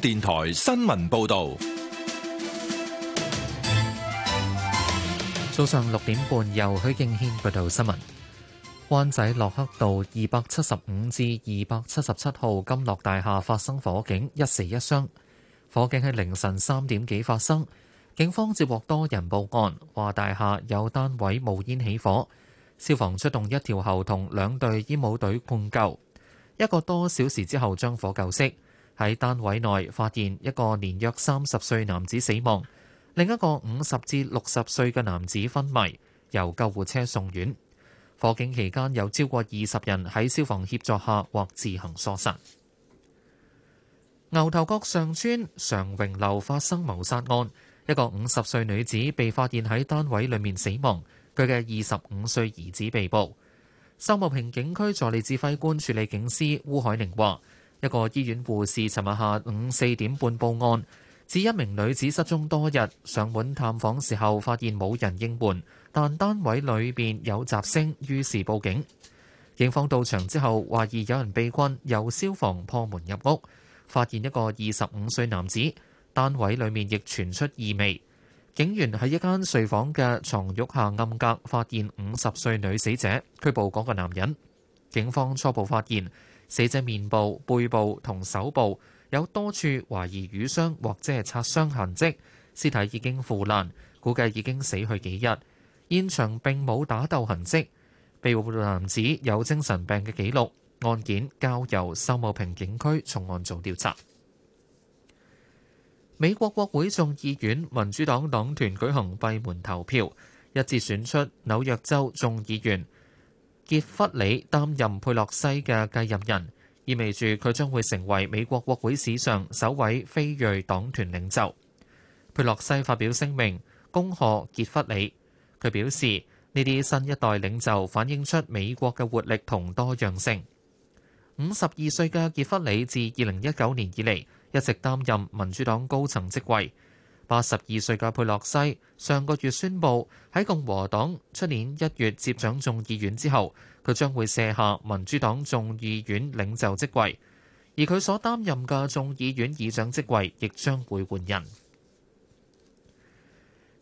電台新聞報道：早上六點半，由許敬軒報道新聞。灣仔洛克道二百七十五至二百七十七號金樂大廈發生火警，一死一傷。火警喺凌晨三點幾發生，警方接獲多人報案，話大廈有單位冒煙起火。消防出動一條喉同兩隊煙霧隊灌救，一個多小時之後將火救熄。喺單位內發現一個年約三十歲男子死亡，另一個五十至六十歲嘅男子昏迷，由救護車送院。火警期間有超過二十人喺消防協助下或自行疏散。牛頭角上村常榮樓發生謀殺案，一個五十歲女子被發現喺單位裡面死亡，佢嘅二十五歲兒子被捕。秀茂坪警區助理指揮官處理警司烏海寧話。一個醫院護士尋日下午四點半報案，指一名女子失蹤多日，上門探訪時候發現冇人應門，但單位裏邊有雜聲，於是報警。警方到場之後，懷疑有人被困，由消防破門入屋，發現一個二十五歲男子，單位裡面亦傳出異味。警員喺一間睡房嘅床褥下暗格發現五十歲女死者，拘捕嗰個男人。警方初步發現。死者面部、背部同手部有多處懷疑瘀傷或者係擦傷痕跡，屍體已經腐爛，估計已經死去幾日。現場並冇打鬥痕跡。被捕男子有精神病嘅記錄，案件交由秀茂坪警區重案組調查。美國國會眾議院民主黨黨團舉行閉門投票，一致選出紐約州眾議員。傑弗里擔任佩洛西嘅繼任人，意味住佢將會成為美國國會史上首位非裔黨團領袖。佩洛西發表聲明，恭賀傑弗里。佢表示呢啲新一代領袖反映出美國嘅活力同多樣性。五十二歲嘅傑弗里自二零一九年以嚟一直擔任民主黨高層職位。八十二歲嘅佩洛西上個月宣布喺共和黨出年一月接掌眾議院之後，佢將會卸下民主黨眾議院領袖職位，而佢所擔任嘅眾議院議長職位亦將會換人。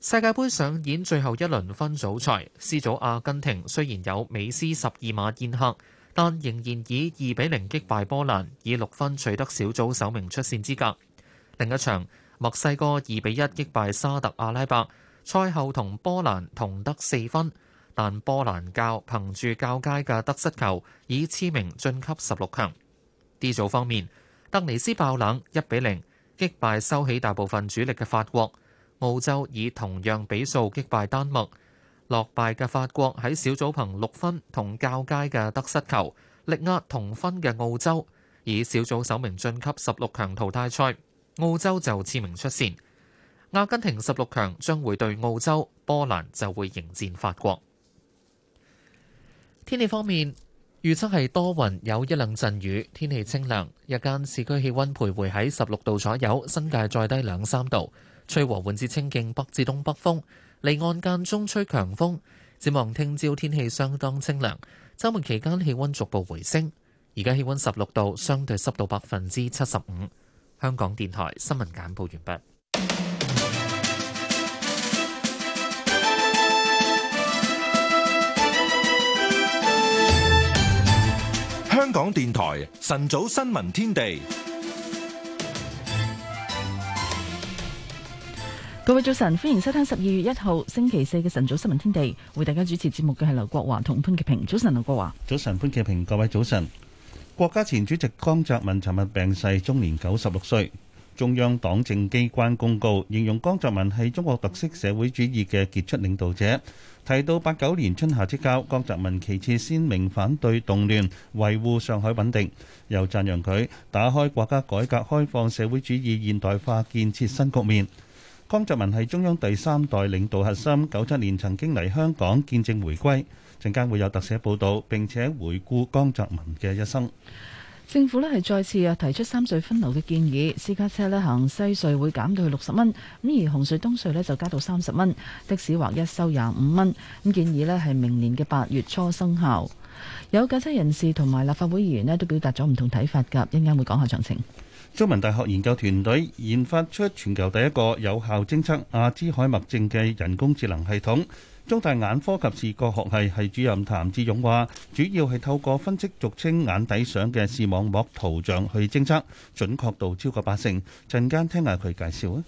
世界盃上演最後一輪分組賽，C 組阿根廷雖然有美斯十二碼宴客，但仍然以二比零擊敗波蘭，以六分取得小組首名出線資格。另一場。墨西哥二比一擊敗沙特阿拉伯，賽後同波蘭同得四分，但波蘭教憑住較佳嘅得失球，以次名晉級十六強。D 組方面，突尼斯爆冷一比零擊敗收起大部分主力嘅法國，澳洲以同樣比數擊敗丹麥。落敗嘅法國喺小組憑六分同較佳嘅得失球，力壓同分嘅澳洲，以小組首名晉級十六強淘汰賽。澳洲就次名出線，阿根廷十六強將會對澳洲，波蘭就會迎戰法國。天氣方面預測係多雲有一兩陣雨，天氣清涼，日間市區氣温徘徊喺十六度左右，新界再低兩三度，吹和緩至清勁北至東北風，離岸間中吹強風。展望聽朝天氣相當清涼，周末期間氣温逐步回升，而家氣温十六度，相對濕度百分之七十五。香港電台新聞簡報完畢。香港電台晨早新聞天地，各位早晨，歡迎收聽十二月一號星期四嘅晨早新聞天地。為大家主持節目嘅係劉國華同潘潔平。早晨，劉國華。早晨，潘潔平。各位早晨。國家前主席江澤民尋日病逝，終年九十六歲。中央黨政機關公告形容江澤民係中國特色社會主義嘅傑出領導者，提到八九年春夏之交，江澤民旗幟鮮明反對動亂，維護上海穩定，又讚揚佢打開國家改革開放、社會主義現代化建設新局面。江澤民係中央第三代領導核心，九七年曾經嚟香港見證回歸。陣間會有特寫報道，並且回顧江澤民嘅一生。政府咧係再次啊提出三隧分流嘅建議，私家車咧行西隧會減到去六十蚊，咁而紅隧東隧咧就加到三十蚊，的士劃一收廿五蚊。咁建議咧係明年嘅八月初生效。有駕車人士同埋立法會議員咧都表達咗唔同睇法噶，一陣間會講下詳情。中文大學研究團隊研發出全球第一個有效偵測阿茲海默症嘅人工智能系統。中大眼科及視覺學系系主任譚志勇話：主要係透過分析俗稱眼底相嘅視網膜圖像去偵測，準確度超過八成。陣間聽下佢介紹啊！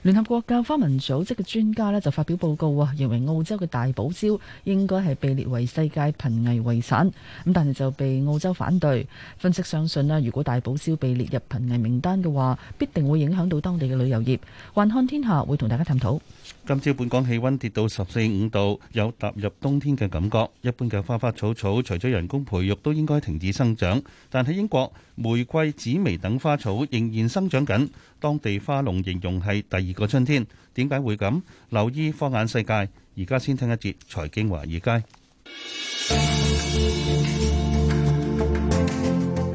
聯合國教科文組織嘅專家咧就發表報告啊，認為澳洲嘅大堡礁應該係被列為世界瀕危遺產，咁但係就被澳洲反對。分析相信啊，如果大堡礁被列入瀕危名單嘅話，必定會影響到當地嘅旅遊業。環看天下會同大家探討。今朝本港氣溫跌到十四五度，有踏入冬天嘅感覺。一般嘅花花草草，除咗人工培育，都應該停止生長。但喺英國，玫瑰、紫薇等花草仍然生長緊。當地花農形容係第二個春天。點解會咁？留意放眼世界。而家先聽一節財經華爾街。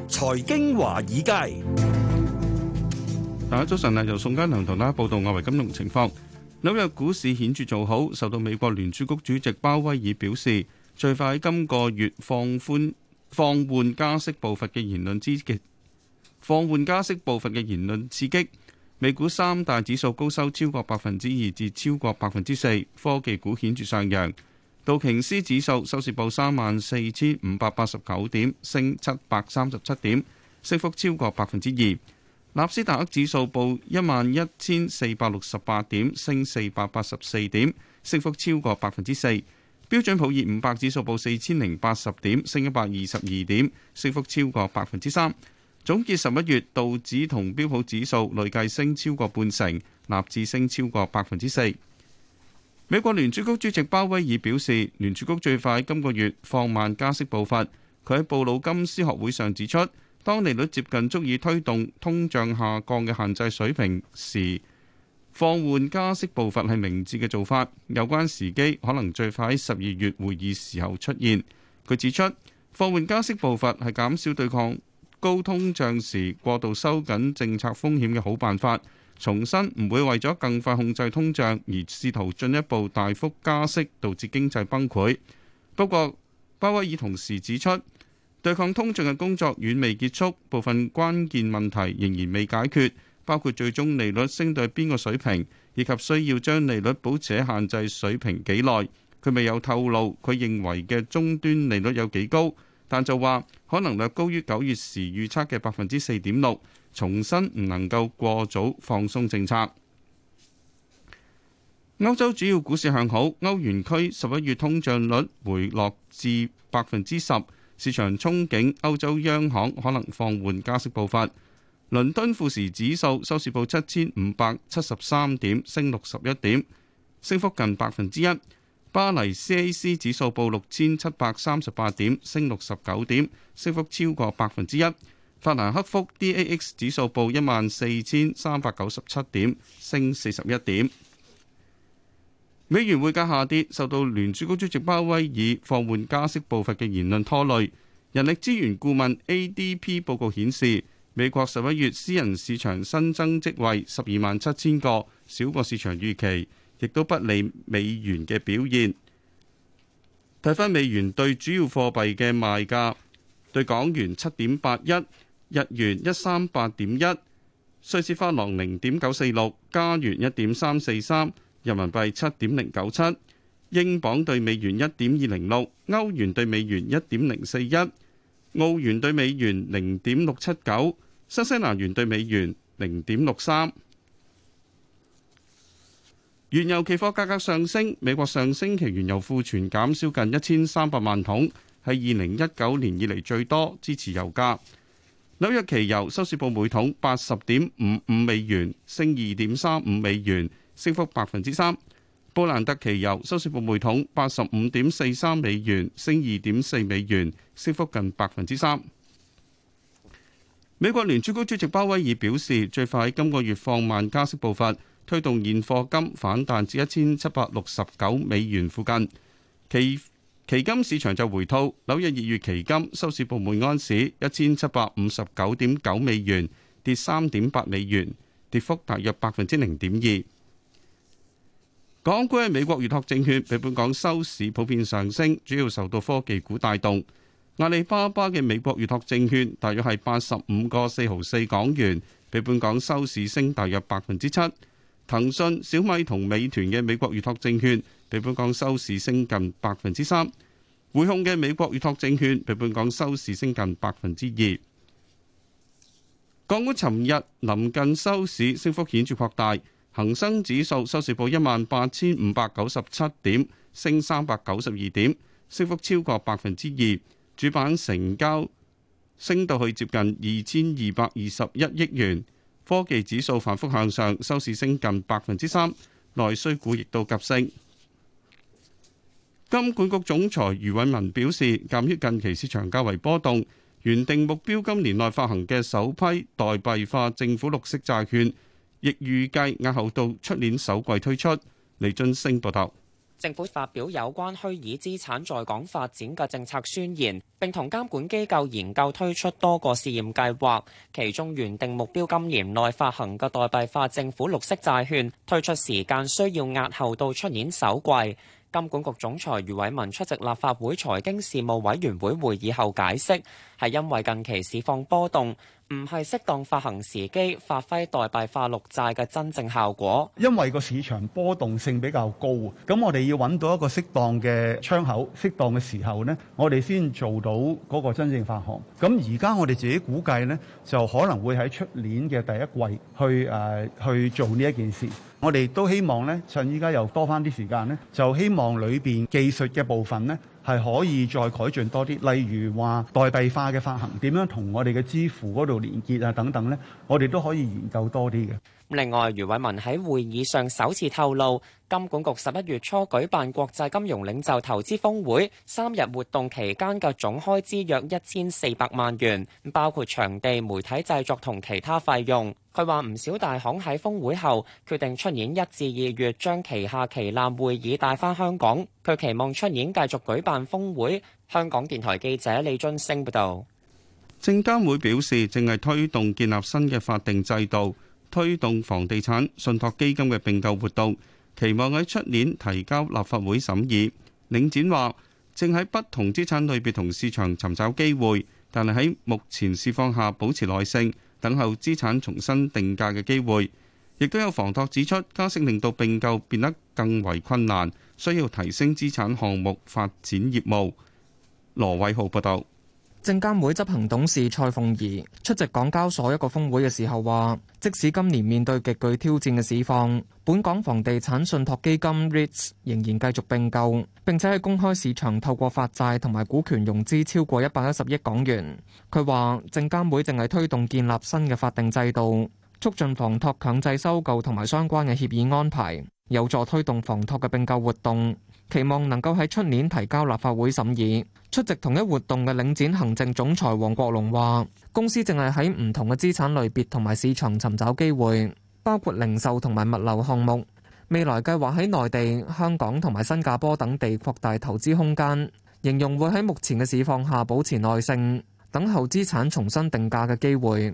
財經華爾街，爾街，大家早晨啊！由宋嘉良同大家報道外圍金融情況。紐約股市顯著做好，受到美國聯儲局主席鮑威爾表示最快喺今個月放寬放緩加息步伐嘅言論之嘅放緩加息步伐嘅言論刺激，美股三大指數高收超過百分之二至超過百分之四，科技股顯著上揚。道瓊斯指數收市報三萬四千五百八十九點，升七百三十七點，升幅超過百分之二。納斯達克指數報一萬一千四百六十八點，升四百八十四點，升幅超過百分之四。標準普爾五百指數報四千零八十點，升一百二十二點，升幅超過百分之三。總結十一月道指同標普指數累計升超過半成，納指升超過百分之四。美國聯儲局主席鮑威爾表示，聯儲局最快今個月放慢加息步伐。佢喺布魯金斯學會上指出。當利率接近足以推動通脹下降嘅限制水平時，放緩加息步伐係明智嘅做法。有關時機可能最快喺十二月會議時候出現。佢指出，放緩加息步伐係減少對抗高通脹時過度收緊政策風險嘅好辦法。重申唔會為咗更快控制通脹而試圖進一步大幅加息，導致經濟崩潰。不過，鮑威爾同時指出，對抗通脹嘅工作遠未結束，部分關鍵問題仍然未解決，包括最終利率升到邊個水平，以及需要將利率保持喺限制水平幾耐。佢未有透露佢認為嘅終端利率有幾高，但就話可能略高於九月時預測嘅百分之四點六，重申唔能夠過早放鬆政策。歐洲主要股市向好，歐元區十一月通脹率回落至百分之十。市場憧憬歐洲央行可能放緩加息步伐。倫敦富時指數收市報七千五百七十三點，升六十一點，升幅近百分之一。巴黎 CAC 指數報六千七百三十八點，升六十九點，升幅超過百分之一。法蘭克福 DAX 指數報一萬四千三百九十七點，升四十一點。美元匯價下跌，受到聯儲局主席鮑威爾放緩加息步伐嘅言論拖累。人力資源顧問 ADP 報告顯示，美國十一月私人市場新增職位十二萬七千個，少過市場預期，亦都不利美元嘅表現。睇返美元對主要貨幣嘅賣價，對港元七點八一，日元一三八點一，瑞士法郎零點九四六，加元一點三四三。人民幣七點零九七，英鎊兌美元一點二零六，歐元兌美元一點零四一，澳元兌美元零點六七九，新西蘭元兌美元零點六三。原油期貨價格上升，美國上星期原油庫存減少近一千三百萬桶，係二零一九年以嚟最多，支持油價。紐約期油收市報每桶八十點五五美元，升二點三五美元。升幅百分之三。布蘭特期油收市報每桶八十五點四三美元，升二點四美元，升幅近百分之三。美國聯儲局主席鮑威爾表示，最快喺今個月放慢加息步伐，推動現貨金反彈至一千七百六十九美元附近。期期金市場就回吐，紐約二月期金收市報每安士一千七百五十九點九美元，跌三點八美元，跌幅大約百分之零點二。港股嘅美國預託證券比本港收市普遍上升，主要受到科技股帶動。阿里巴巴嘅美國預託證券大約係八十五個四毫四港元，比本港收市升大約百分之七。騰訊、小米同美團嘅美國預託證券比本港收市升近百分之三。匯控嘅美國預託證券比本港收市升近百分之二。港股尋日臨近收市，升幅顯著擴大。恒生指數收市報一萬八千五百九十七點，升三百九十二點，升幅超過百分之二。主板成交升到去接近二千二百二十一億元。科技指數反覆向上，收市升近百分之三。內需股亦都急升。金管局總裁余偉文表示，鑒於近期市場較為波動，原定目標今年內發行嘅首批代幣化政府綠色債券，亦預計壓後到出年首季推出。李俊升報道，政府發表有關虛擬資產在港發展嘅政策宣言，並同監管機構研究推出多個試驗計劃，其中原定目標今年內發行嘅代幣化政府綠色債券，推出時間需要押後到出年首季。監管局總裁余偉文出席立法會財經事務委員會會，會議後解釋。係因為近期市況波動，唔係適當發行時機，發揮代幣化綠債嘅真正效果。因為個市場波動性比較高，咁我哋要揾到一個適當嘅窗口、適當嘅時候呢，我哋先做到嗰個真正發行。咁而家我哋自己估計呢，就可能會喺出年嘅第一季去誒、呃、去做呢一件事。我哋都希望呢，趁依家又多翻啲時間呢，就希望裏邊技術嘅部分呢，係可以再改進多啲，例如話代幣化嘅發行點樣同我哋嘅支付嗰度連結啊等等咧，我哋都可以研究多啲嘅。另外，余偉文喺會議上首次透露，金管局十一月初舉辦國際金融領袖投資峰會，三日活動期間嘅總開支約一千四百萬元，包括場地、媒體製作同其他費用。佢話唔少大行喺峰會後決定，出年一至二月將旗下旗艦會議帶翻香港。佢期望出年繼續舉辦峰會。香港電台記者李津升報道。證監會表示，正係推動建立新嘅法定制度。推動房地產信託基金嘅併購活動，期望喺出年提交立法會審議。領展話正喺不同資產類別同市場尋找機會，但係喺目前市況下保持耐性，等候資產重新定價嘅機會。亦都有房託指出，加息令到併購變得更為困難，需要提升資產項目發展業務。羅偉浩報道。證監會執行董事蔡鳳儀出席港交所一個峰會嘅時候話，即使今年面對極具挑戰嘅市況，本港房地產信託基金 REITs 仍然繼續併購，並且喺公開市場透過發債同埋股權融資超過一百一十億港元。佢話證監會正係推動建立新嘅法定制度，促進房託強制收購同埋相關嘅協議安排，有助推動房託嘅併購活動。期望能夠喺出年提交立法會審議。出席同一活動嘅領展行政總裁王國龍話：公司淨係喺唔同嘅資產類別同埋市場尋找機會，包括零售同埋物流項目。未來計劃喺內地、香港同埋新加坡等地擴大投資空間，形容會喺目前嘅市況下保持耐性，等候資產重新定價嘅機會。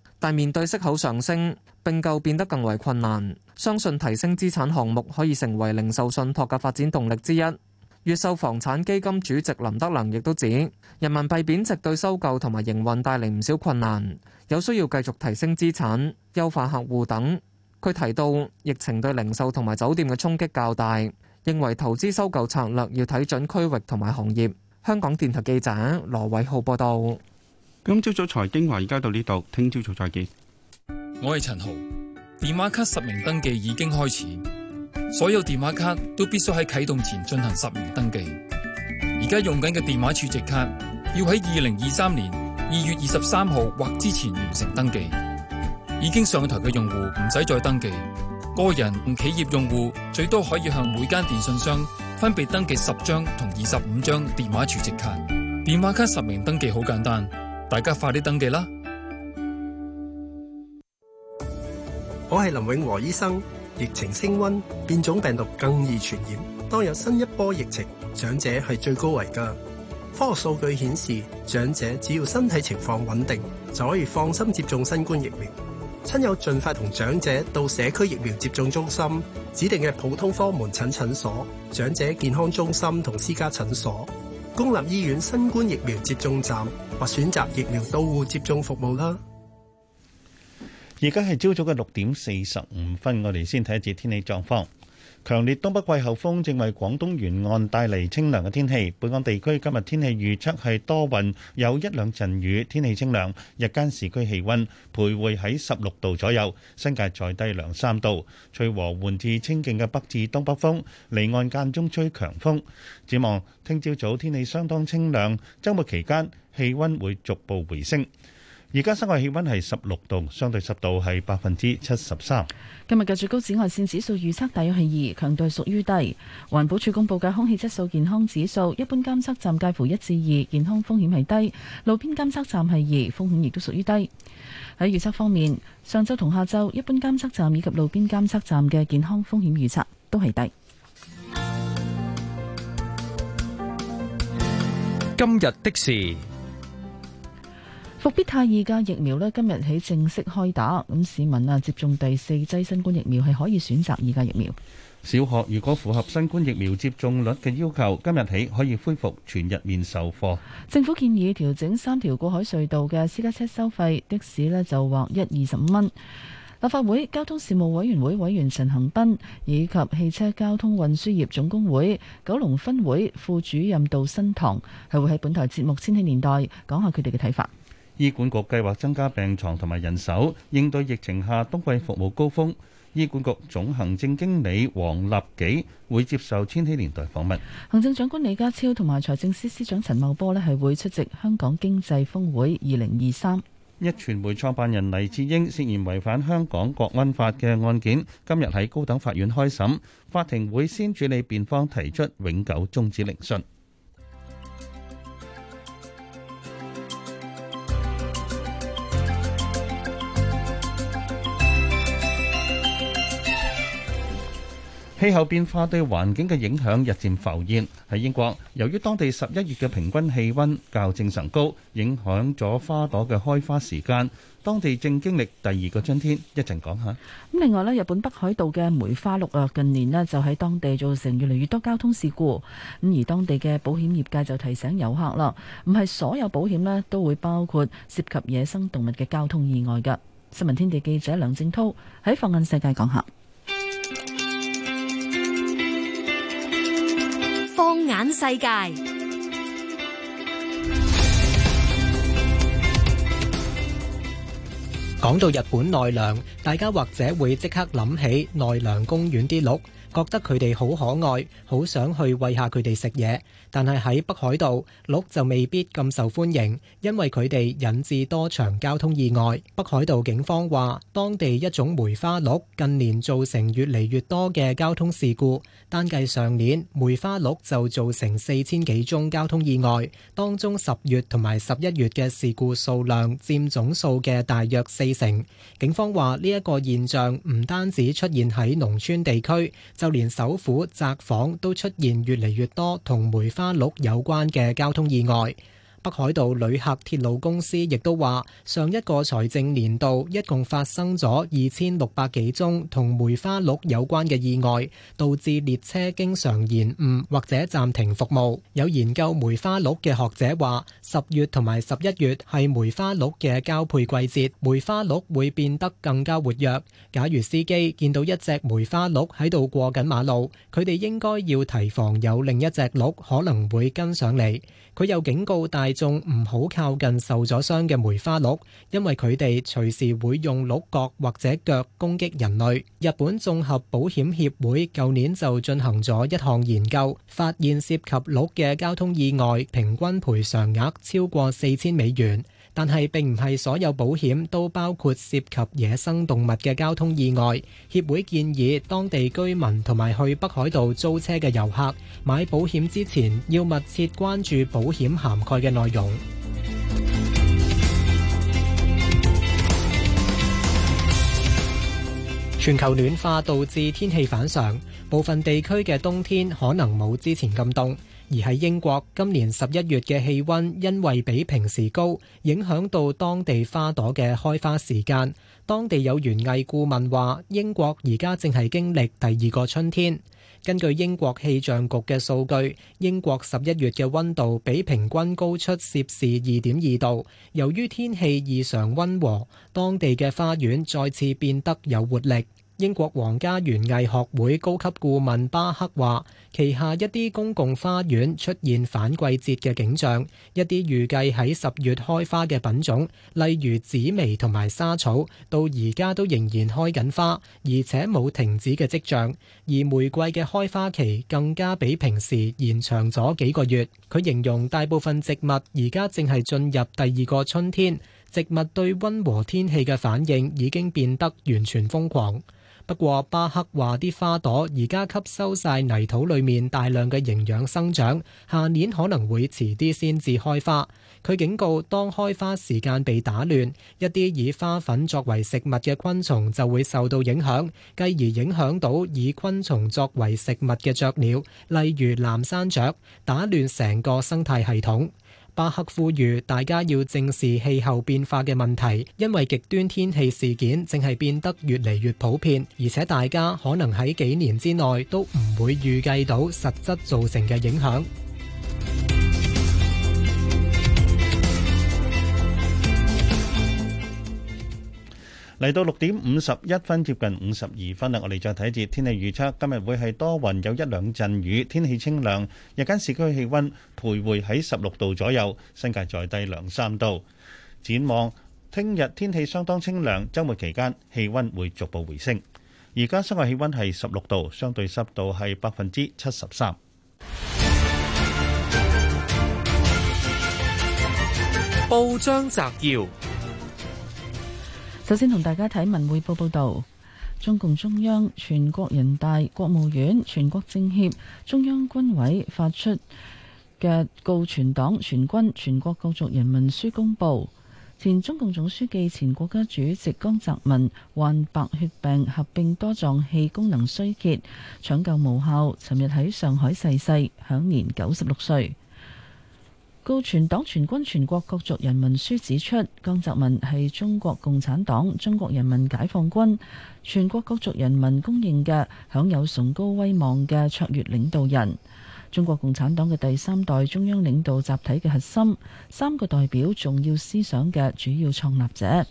但面對息口上升，併購變得更為困難，相信提升資產項目可以成為零售信託嘅發展動力之一。越秀房產基金主席林德良亦都指，人民幣貶值對收購同埋營運帶嚟唔少困難，有需要繼續提升資產優化客戶等。佢提到疫情對零售同埋酒店嘅衝擊較大，認為投資收購策略要睇準區域同埋行業，香港電台記者羅偉浩報道。今朝早財經話而家到呢度，聽朝早再見。我係陳豪，電話卡實名登記已經開始，所有電話卡都必須喺啟動前進行實名登記。而家用緊嘅電話儲值卡要喺二零二三年二月二十三號或之前完成登記。已經上台嘅用戶唔使再登記。個人同企業用戶最多可以向每間電信商分別登記十張同二十五張電話儲值卡。電話卡實名登記好簡單。大家快啲登記啦！我係林永和醫生。疫情升温，變種病毒更易傳染。當有新一波疫情，長者係最高危㗎。科學數據顯示，長者只要身體情況穩定，就可以放心接種新冠疫苗。親友盡快同長者到社區疫苗接種中心、指定嘅普通科門診診所、長者健康中心同私家診所。公立醫院新冠疫苗接種站或選擇疫苗到戶接種服務啦。而家係朝早嘅六點四十五分，我哋先睇一節天氣狀況。強烈東北季候風正為廣東沿岸帶嚟清涼嘅天氣。本港地區今日天氣預測係多雲，有一兩陣雨，天氣清涼。日間市區氣溫徘徊喺十六度左右，新界再低兩三度。吹和緩至清勁嘅北至東北風，離岸間中吹強風。展望聽朝早天氣相當清涼，周末期間氣溫會逐步回升。而家室外氣溫係十六度，相對濕度係百分之七十三。今日嘅最高紫外線指數預測大約係二，強度係屬於低。環保署公布嘅空氣質素健康指數，一般監測站介乎一至二，健康風險係低；路邊監測站係二，風險亦都屬於低。喺預測方面，上周同下周一般監測站以及路邊監測站嘅健康風險預測都係低。今日的事。復必泰二價疫苗呢，今日起正式開打。咁市民啊，接種第四劑新冠疫苗係可以選擇二價疫苗。小學如果符合新冠疫苗接種率嘅要求，今日起可以恢復全日面授課。政府建議調整三條過海隧道嘅私家車收費，的士咧就劃一二十五蚊。立法會交通事務委員會委員陳恒斌以及汽車交通運輸業總工會九龍分會副主任杜新堂係會喺本台節目《千禧年代》講下佢哋嘅睇法。醫管局計劃增加病床同埋人手，應對疫情下冬季服務高峰。醫管局總行政經理黃立己會接受《千禧年代》訪問。行政長官李家超同埋財政司司長陳茂波咧係會出席香港經濟峰會二零二三。一傳媒創辦人黎智英涉嫌違反香港國安法嘅案件，今日喺高等法院開審，法庭會先處理辯方提出永久終止聆訊。氣候變化對環境嘅影響日漸浮現。喺英國，由於當地十一月嘅平均氣温較正常高，影響咗花朵嘅開花時間。當地正經歷第二個春天。講一陣講下咁。另外咧，日本北海道嘅梅花鹿啊，近年咧就喺當地造成越嚟越多交通事故。咁而當地嘅保險業界就提醒遊客啦，唔係所有保險咧都會包括涉及野生動物嘅交通意外嘅。新聞天地記者梁正濤喺放眼世界講下。眼世界，講到日本奈良，大家或者會即刻諗起奈良公園啲鹿。覺得佢哋好可愛，好想去餵下佢哋食嘢。但係喺北海道，鹿就未必咁受歡迎，因為佢哋引致多場交通意外。北海道警方話，當地一種梅花鹿近年造成越嚟越多嘅交通事故。單計上年，梅花鹿就造成四千幾宗交通意外，當中十月同埋十一月嘅事故數量佔總數嘅大約四成。警方話，呢一個現象唔單止出現喺農村地區。就連首府札幌都出現越嚟越多同梅花鹿有關嘅交通意外。北海道旅客鐵路公司亦都話，上一個財政年度一共發生咗二千六百幾宗同梅花鹿有關嘅意外，導致列車經常延誤或者暫停服務。有研究梅花鹿嘅學者話，十月同埋十一月係梅花鹿嘅交配季節，梅花鹿會變得更加活躍。假如司機見到一隻梅花鹿喺度過緊馬路，佢哋應該要提防有另一隻鹿可能會跟上嚟。佢又警告大眾唔好靠近受咗傷嘅梅花鹿，因為佢哋隨時會用鹿角或者腳攻擊人類。日本綜合保險協會舊年就進行咗一項研究，發現涉及鹿嘅交通意外平均賠償額超過四千美元。但係並唔係所有保險都包括涉及野生動物嘅交通意外。協會建議當地居民同埋去北海道租車嘅遊客買保險之前，要密切關注保險涵蓋嘅內容。全球暖化導致天氣反常，部分地區嘅冬天可能冇之前咁凍。而喺英國，今年十一月嘅氣溫因為比平時高，影響到當地花朵嘅開花時間。當地有園藝顧問話：英國而家正係經歷第二個春天。根據英國氣象局嘅數據，英國十一月嘅溫度比平均高出攝氏二點二度。由於天氣異常溫和，當地嘅花園再次變得有活力。英國皇家園藝學會高級顧問巴克話，旗下一啲公共花園出現反季節嘅景象，一啲預計喺十月開花嘅品種，例如紫薇同埋沙草，到而家都仍然開緊花，而且冇停止嘅跡象。而玫瑰嘅開花期更加比平時延長咗幾個月。佢形容大部分植物而家正係進入第二個春天，植物對温和天氣嘅反應已經變得完全瘋狂。不過巴克話：啲花朵而家吸收晒泥土裏面大量嘅營養生長，下年可能會遲啲先至開花。佢警告，當開花時間被打亂，一啲以花粉作為食物嘅昆蟲就會受到影響，繼而影響到以昆蟲作為食物嘅雀鳥，例如藍山雀，打亂成個生態系統。巴克呼籲大家要正視氣候變化嘅問題，因為極端天氣事件正係變得越嚟越普遍，而且大家可能喺幾年之內都唔會預計到實質造成嘅影響。嚟到六點五十一分，接近五十二分啦。我哋再睇節天氣預測，今日會係多雲，有一兩陣雨，天氣清涼。日間市區氣溫徘徊喺十六度左右，新界再低兩三度。展望聽日天氣相當清涼，週末期間氣溫會逐步回升。而家室外氣溫係十六度，相對濕度係百分之七十三。報章摘要。首先同大家睇文匯報報道，中共中央、全國人大、國務院、全國政協、中央軍委發出嘅告全黨全軍全國各族人民書公布，前中共總書記、前國家主席江澤民患白血病合併多臟器功能衰竭，搶救無效，尋日喺上海逝世，享年九十六歲。告全黨全軍全國各族人民書指出，江澤民係中國共產黨、中國人民解放軍全國各族人民公認嘅享有崇高威望嘅卓越領導人，中國共產黨嘅第三代中央領導集體嘅核心，三個代表重要思想嘅主要創立者。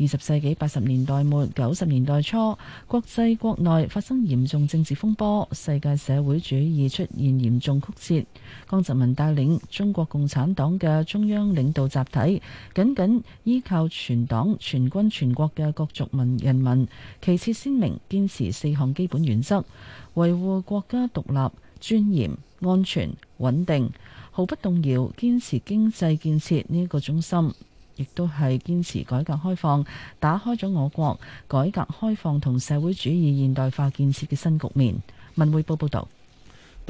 二十世紀八十年代末九十年代初，國際國內發生嚴重政治風波，世界社會主義出現嚴重曲折。江澤民帶領中國共產黨嘅中央領導集體，緊緊依靠全黨全軍全國嘅各族民人民，旗幟鮮明堅持四項基本原則，維護國家獨立、尊嚴、安全、穩定，毫不動搖堅持經濟建設呢一個中心。亦都係堅持改革開放，打開咗我國改革開放同社會主義現代化建設嘅新局面。文匯報報道。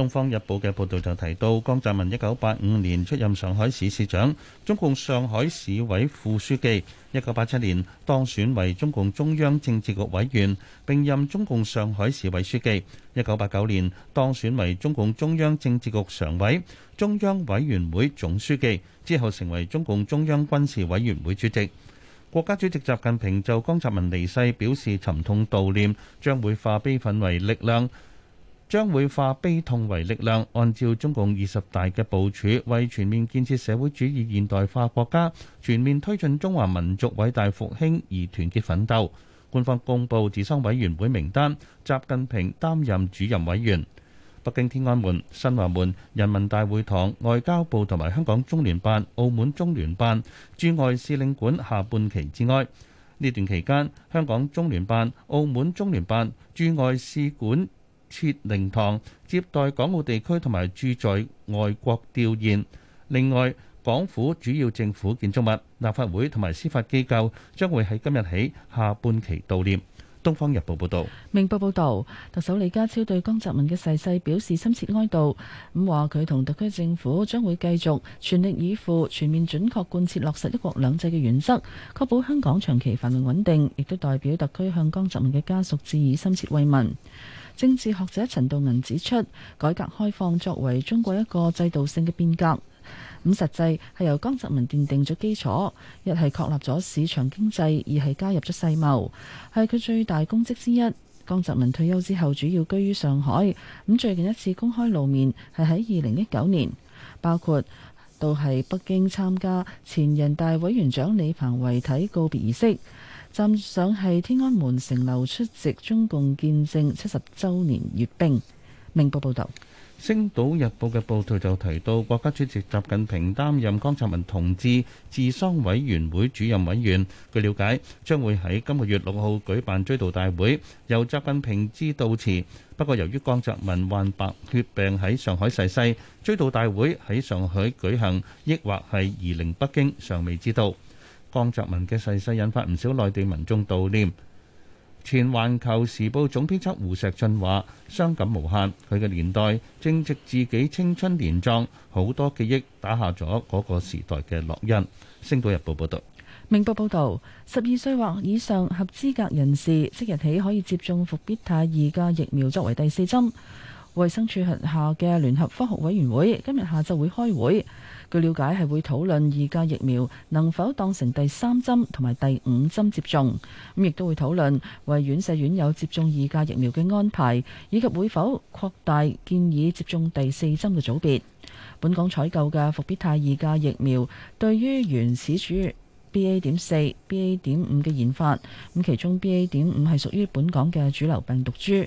《東方日報》嘅報導就提到，江澤民一九八五年出任上海市市長、中共上海市委副書記，一九八七年當選為中共中央政治局委員，並任中共上海市委書記，一九八九年當選為中共中央政治局常委、中央委員會總書記，之後成為中共中央軍事委員會主席。國家主席習近平就江澤民離世表示沉痛悼念，將會化悲憤為力量。將會化悲痛為力量，按照中共二十大嘅部署，為全面建設社會主義現代化國家、全面推進中華民族偉大復興而團結奮鬥。官方公布治喪委員會名單，習近平擔任主任委員。北京天安門、新華門、人民大會堂、外交部同埋香港中聯辦、澳門中聯辦、駐外使領館下半旗致哀，呢段期間，香港中聯辦、澳門中聯辦、駐外使館。設靈堂接待港澳地區同埋駐在外國弔唁。另外，港府主要政府建築物、立法會同埋司法機構將會喺今日起下半期悼念。東方日報報道，明報報道，特首李家超對江澤民嘅逝世表示深切哀悼，咁話佢同特區政府將會繼續全力以赴、全面準確貫徹落實一國兩制嘅原則，確保香港長期繁榮穩定，亦都代表特區向江澤民嘅家屬致以深切慰問。政治學者陳道文指出，改革開放作為中國一個制度性嘅變革，咁實際係由江澤民奠定咗基礎，一係確立咗市場經濟，二係加入咗世貿，係佢最大功績之一。江澤民退休之後，主要居於上海，咁最近一次公開露面係喺二零一九年，包括到係北京參加前人大委員長李鵬遺體告別儀式。站上係天安門城樓出席中共建政七十周年閱兵。明報報道，星島日報嘅報道就提到，國家主席習近平擔任江澤民同志治喪委員會主任委員，據了解，將會喺今個月六號舉辦追悼大會，由習近平致悼詞。不過由於江澤民患白血病喺上海逝世，追悼大會喺上海舉行，抑或係移靈北京，尚未知道。江澤民嘅逝世，世引發唔少內地民眾悼念。前環球時報總編輯胡錫進話，傷感無限。佢嘅年代正值自己青春年壯，好多記憶打下咗嗰個時代嘅烙印。星島日報報道。明報報道，十二歲或以上合資格人士即日起可以接種復必泰二價疫苗作為第四針。衛生署轄下嘅聯合科學委員會今日下晝會開會。據了解係會討論二價疫苗能否當成第三針同埋第五針接種，咁亦都會討論為院舍院友接種二價疫苗嘅安排，以及會否擴大建議接種第四針嘅組別。本港採購嘅伏必泰二價疫苗對於原始株 BA.4 BA.5 嘅研發，咁其中 BA.5 係屬於本港嘅主流病毒株。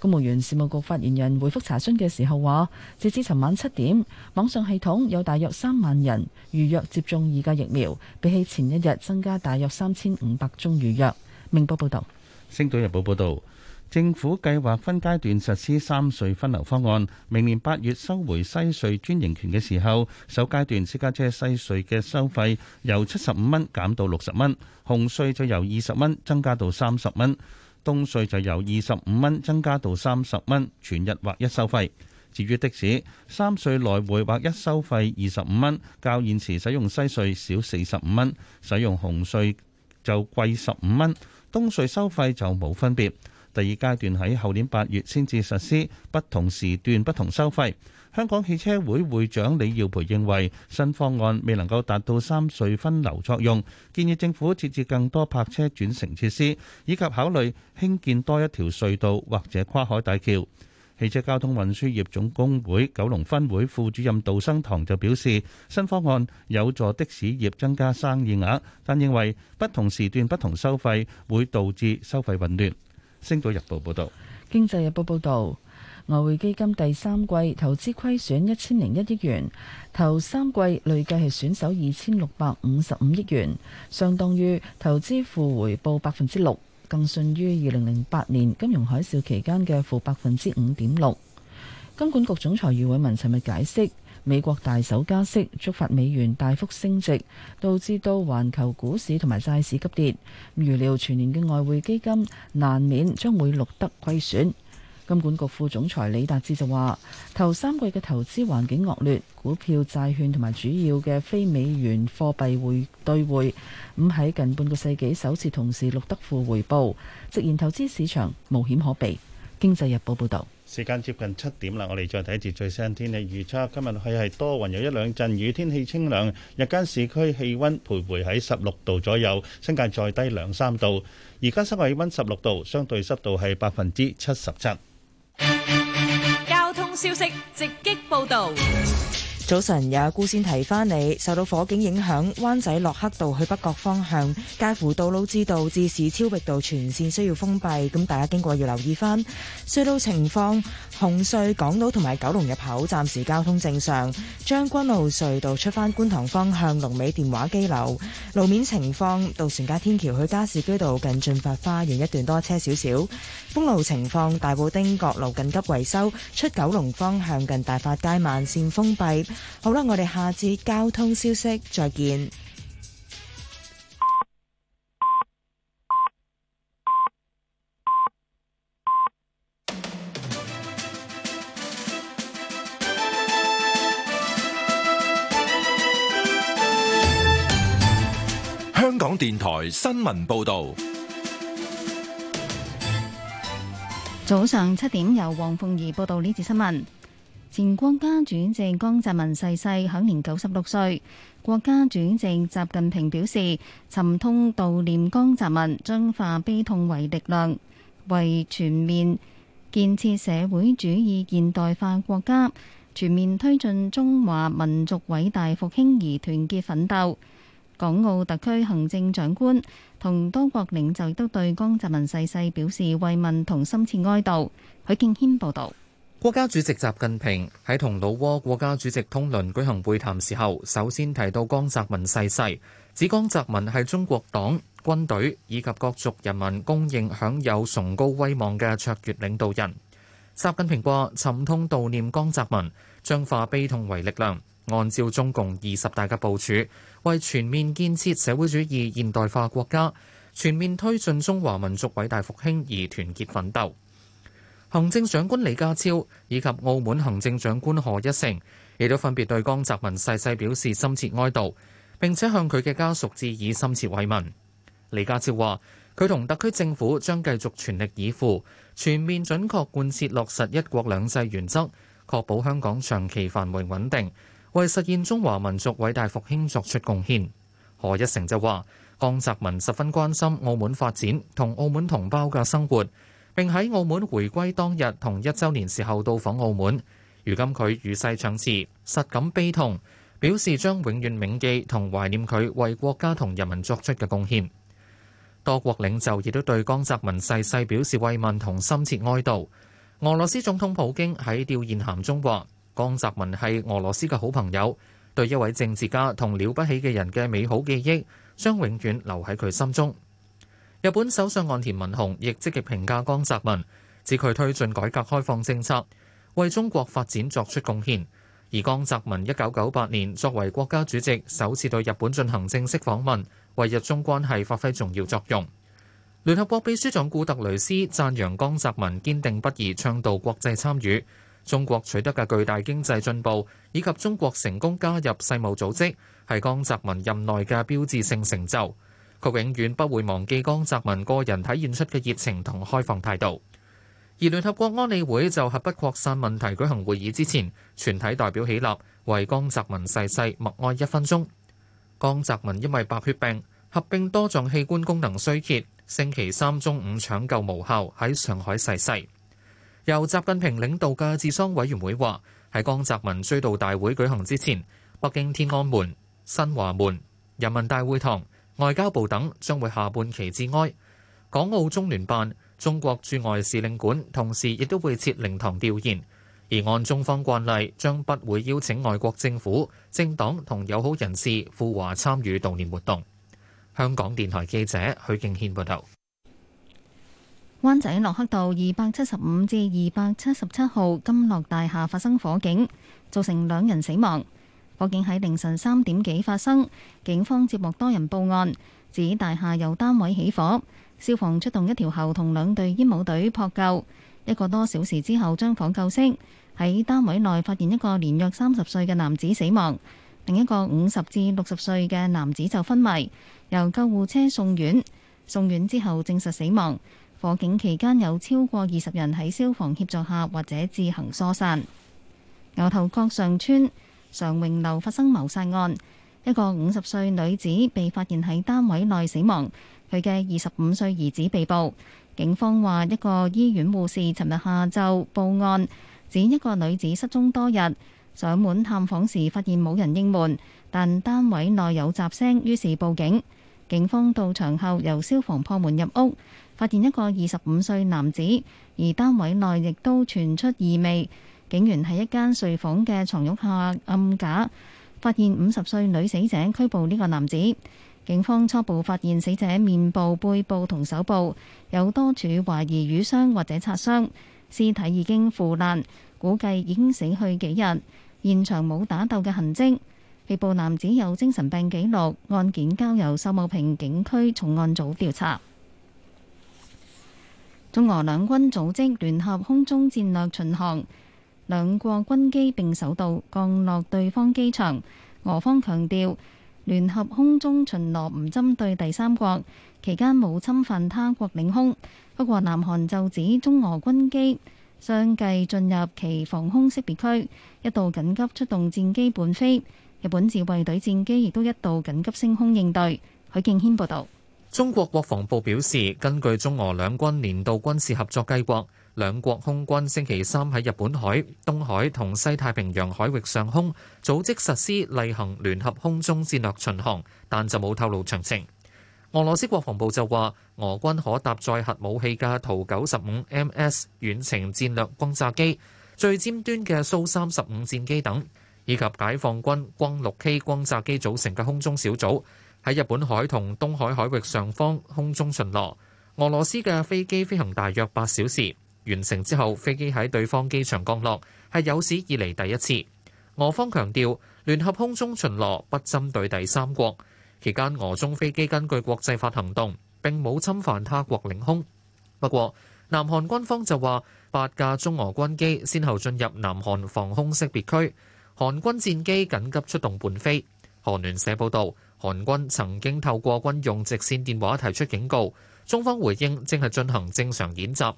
公務員事務局發言人回覆查詢嘅時候話，截至尋晚七點，網上系統有大約三萬人預約接種二價疫苗，比起前一日增加大約三千五百宗預約。明報報道，星島日報報道，政府計劃分階段實施三隧分流方案。明年八月收回西隧專營權嘅時候，首階段私家車西隧嘅收費由七十五蚊減到六十蚊，紅隧就由二十蚊增加到三十蚊。東隧就由二十五蚊增加到三十蚊，全日劃一收費。至於的士，三隧來回劃一收費二十五蚊，較現時使用西隧少四十五蚊，使用紅隧就貴十五蚊。東隧收費就冇分別。第二階段喺後年八月先至實施，不同時段不同收費。香港汽車會會長李耀培認為新方案未能夠達到三隧分流作用，建議政府設置更多泊車轉乘設施，以及考慮興建多一條隧道或者跨海大橋。汽車交通運輸業總工會九龍分會副主任杜生堂就表示，新方案有助的士業增加生意額，但認為不同時段不同收費會導致收費混亂。星島日報報道，經濟日報報道。外匯基金第三季投資虧損一千零一億元，頭三季累計係損手二千六百五十五億元，相當於投資負回報百分之六，更遜於二零零八年金融海嘯期間嘅負百分之五點六。金管局總裁余偉文尋日解釋，美國大手加息，觸發美元大幅升值，導致到環球股市同埋債市急跌，預料全年嘅外匯基金難免將會錄得虧損。金管局副總裁李達志就話，頭三季嘅投資環境惡劣，股票、債券同埋主要嘅非美元貨幣匯兌匯咁喺近半個世紀首次同時錄得負回報，直言投資市場無險可避。《經濟日報》報道，時間接近七點啦，我哋再睇住最新天氣預測。今日係係多雲，有一兩陣雨，天氣清涼，日間市區氣溫徘徊喺十六度左右，新界再低兩三度。而家室外氣溫十六度，相對濕度係百分之七十七。交通消息直擊報道。早晨，有阿姑先提翻你，受到火警影響，灣仔駱克道去北角方向介乎杜老誌道至史釗域道全線需要封閉，咁大家經過要留意返隧道情況。紅隧港島同埋九龍入口暫時交通正常，將軍澳隧道出返觀塘方向龍尾電話機樓路面情況，渡船街天橋去加士居道近駿發花園一段多車少少，封路情況大埔丁角路緊急維修，出九龍方向近大發街慢線封閉。好啦，我哋下次交通消息再見。香港電台新聞報道，早上七點由黃鳳儀報道呢節新聞。前國家主席江澤民逝世，享年九十六歲。國家主席習近平表示，沉痛悼念江澤民，將化悲痛為力量，為全面建設社會主義現代化國家，全面推進中華民族偉大復興而團結奮鬥。港澳特區行政長官同多國領袖都對江澤民逝世表示慰問同深切哀悼。許敬軒報導，國家主席習近平喺同老撾國家主席通倫舉行會談時候，首先提到江澤民逝世，指江澤民係中國黨、軍隊以及各族人民公認享有崇高威望嘅卓越領導人。習近平話：沉痛悼念江澤民，將化悲痛為力量。按照中共二十大嘅部署，為全面建設社會主義現代化國家、全面推進中華民族偉大復興而團結奮鬥。行政長官李家超以及澳門行政長官賀一誠亦都分別對江澤民逝世表示深切哀悼，並且向佢嘅家屬致以深切慰問。李家超話：佢同特區政府將繼續全力以赴，全面準確貫徹落實一國兩制原則，確保香港長期繁榮穩定。為實現中華民族偉大復興作出貢獻，賀一誠就話：江澤民十分關心澳門發展同澳門同胞嘅生活，並喺澳門回歸當日同一週年時候到訪澳門。如今佢與世長辭，實感悲痛，表示將永遠銘記同懷念佢為國家同人民作出嘅貢獻。多國領袖亦都對江澤民逝世表示慰問同深切哀悼。俄羅斯總統普京喺悼唁函中話。江澤民係俄羅斯嘅好朋友，對一位政治家同了不起嘅人嘅美好記憶，將永遠留喺佢心中。日本首相岸田文雄亦積極評價江澤民，指佢推進改革開放政策，為中國發展作出貢獻。而江澤民一九九八年作為國家主席首次對日本進行正式訪問，為日中關係發揮重要作用。聯合國秘書長古特雷斯讚揚江澤民堅定不移倡導國際參與。中國取得嘅巨大經濟進步，以及中國成功加入世貿組織，係江澤民任內嘅標誌性成就，佢永遠不會忘記江澤民個人體現出嘅熱情同開放態度。而聯合國安理會就核不擴散問題舉行會議之前，全體代表起立，為江澤民逝世默哀一分鐘。江澤民因為白血病，合併多臟器官功能衰竭，星期三中午搶救無效，喺上海逝世。由習近平領導嘅治喪委員會話：喺江澤民追悼大會舉行之前，北京天安門、新華門、人民大會堂、外交部等將會下半旗致哀。港澳中聯辦、中國駐外使領館同時亦都會設靈堂吊唁，而按中方慣例，將不會邀請外國政府、政黨同友好人士赴華參與悼念活動。香港電台記者許敬軒報導。灣仔洛克道二百七十五至二百七十七號金樂大廈發生火警，造成兩人死亡。火警喺凌晨三點幾發生，警方接獲多人報案，指大廈由單位起火。消防出動一條喉同兩隊煙霧隊撲救，一個多小時之後將火救熄。喺單位內發現一個年約三十歲嘅男子死亡，另一個五十至六十歲嘅男子就昏迷，由救護車送院，送院之後證實死亡。火警期間有超過二十人喺消防協助下或者自行疏散。牛頭角上邨常榮樓發生謀殺案，一個五十歲女子被發現喺單位內死亡，佢嘅二十五歲兒子被捕。警方話，一個醫院護士尋日下晝報案，指一個女子失蹤多日，上門探訪時發現冇人應門，但單位內有雜聲，於是報警。警方到場後由消防破門入屋。發現一個二十五歲男子，而單位內亦都傳出異味。警員喺一間睡房嘅床褥下暗架，發現五十歲女死者，拘捕呢個男子。警方初步發現死者面部、背部同手部有多處懷疑瘀傷或者擦傷，屍體已經腐爛，估計已經死去幾日。現場冇打鬥嘅痕跡。被捕男子有精神病記錄，案件交由秀茂坪警區重案組調查。中俄兩軍組織聯合空中戰略巡航，兩國軍機並首度降落對方機場。俄方強調，聯合空中巡邏唔針對第三國，期間冇侵犯他國領空。不過，南韓就指中俄軍機相繼進入其防空識別區，一度緊急出動戰機伴飛。日本自衛隊戰機亦都一度緊急升空應對。許敬軒報導。中國國防部表示，根據中俄兩軍年度軍事合作計劃，兩國空軍星期三喺日本海東海同西太平洋海域上空組織實施例行聯合空中戰略巡航，但就冇透露詳情。俄羅斯國防部就話，俄軍可搭載核武器嘅圖95 MS 遠程戰略轟炸機、最尖端嘅蘇35戰機等，以及解放軍轟6喺日本海同東海海域上方空中巡邏，俄羅斯嘅飛機飛行大約八小時完成之後飛機喺對方機場降落，係有史以嚟第一次。俄方強調聯合空中巡邏不針對第三國期間俄中飛機根據國際法行動並冇侵犯他國領空。不過南韓軍方就話八架中俄軍機先後進入南韓防空識別區，韓軍戰機緊急出動伴飛韓聯社報道。韓軍曾經透過軍用直線電話提出警告，中方回應正係進行正常演習。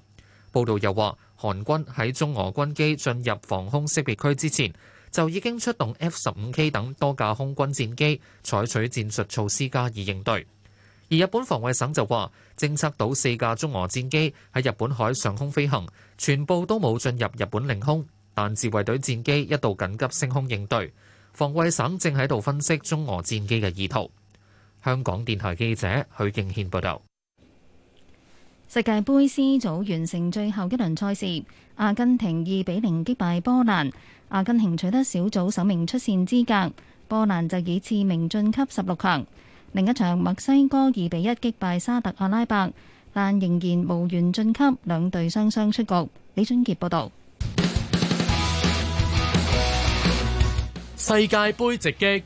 報道又話，韓軍喺中俄軍機進入防空識別區之前，就已經出動 F-15K 等多架空軍戰機，採取戰術措施加以應對。而日本防衛省就話，偵測到四架中俄戰機喺日本海上空飛行，全部都冇進入日本領空，但自衛隊戰機一度緊急升空應對。防衛省正喺度分析中俄戰機嘅意圖。香港電台記者許敬軒報道。世界杯 c 組完成最後一輪賽事，阿根廷二比零擊敗波蘭。阿根廷取得小組首名出線資格，波蘭就以次名晉級十六強。另一場墨西哥二比一擊敗沙特阿拉伯，但仍然無緣晉級，兩隊雙雙出局。李俊杰報道。世界杯直擊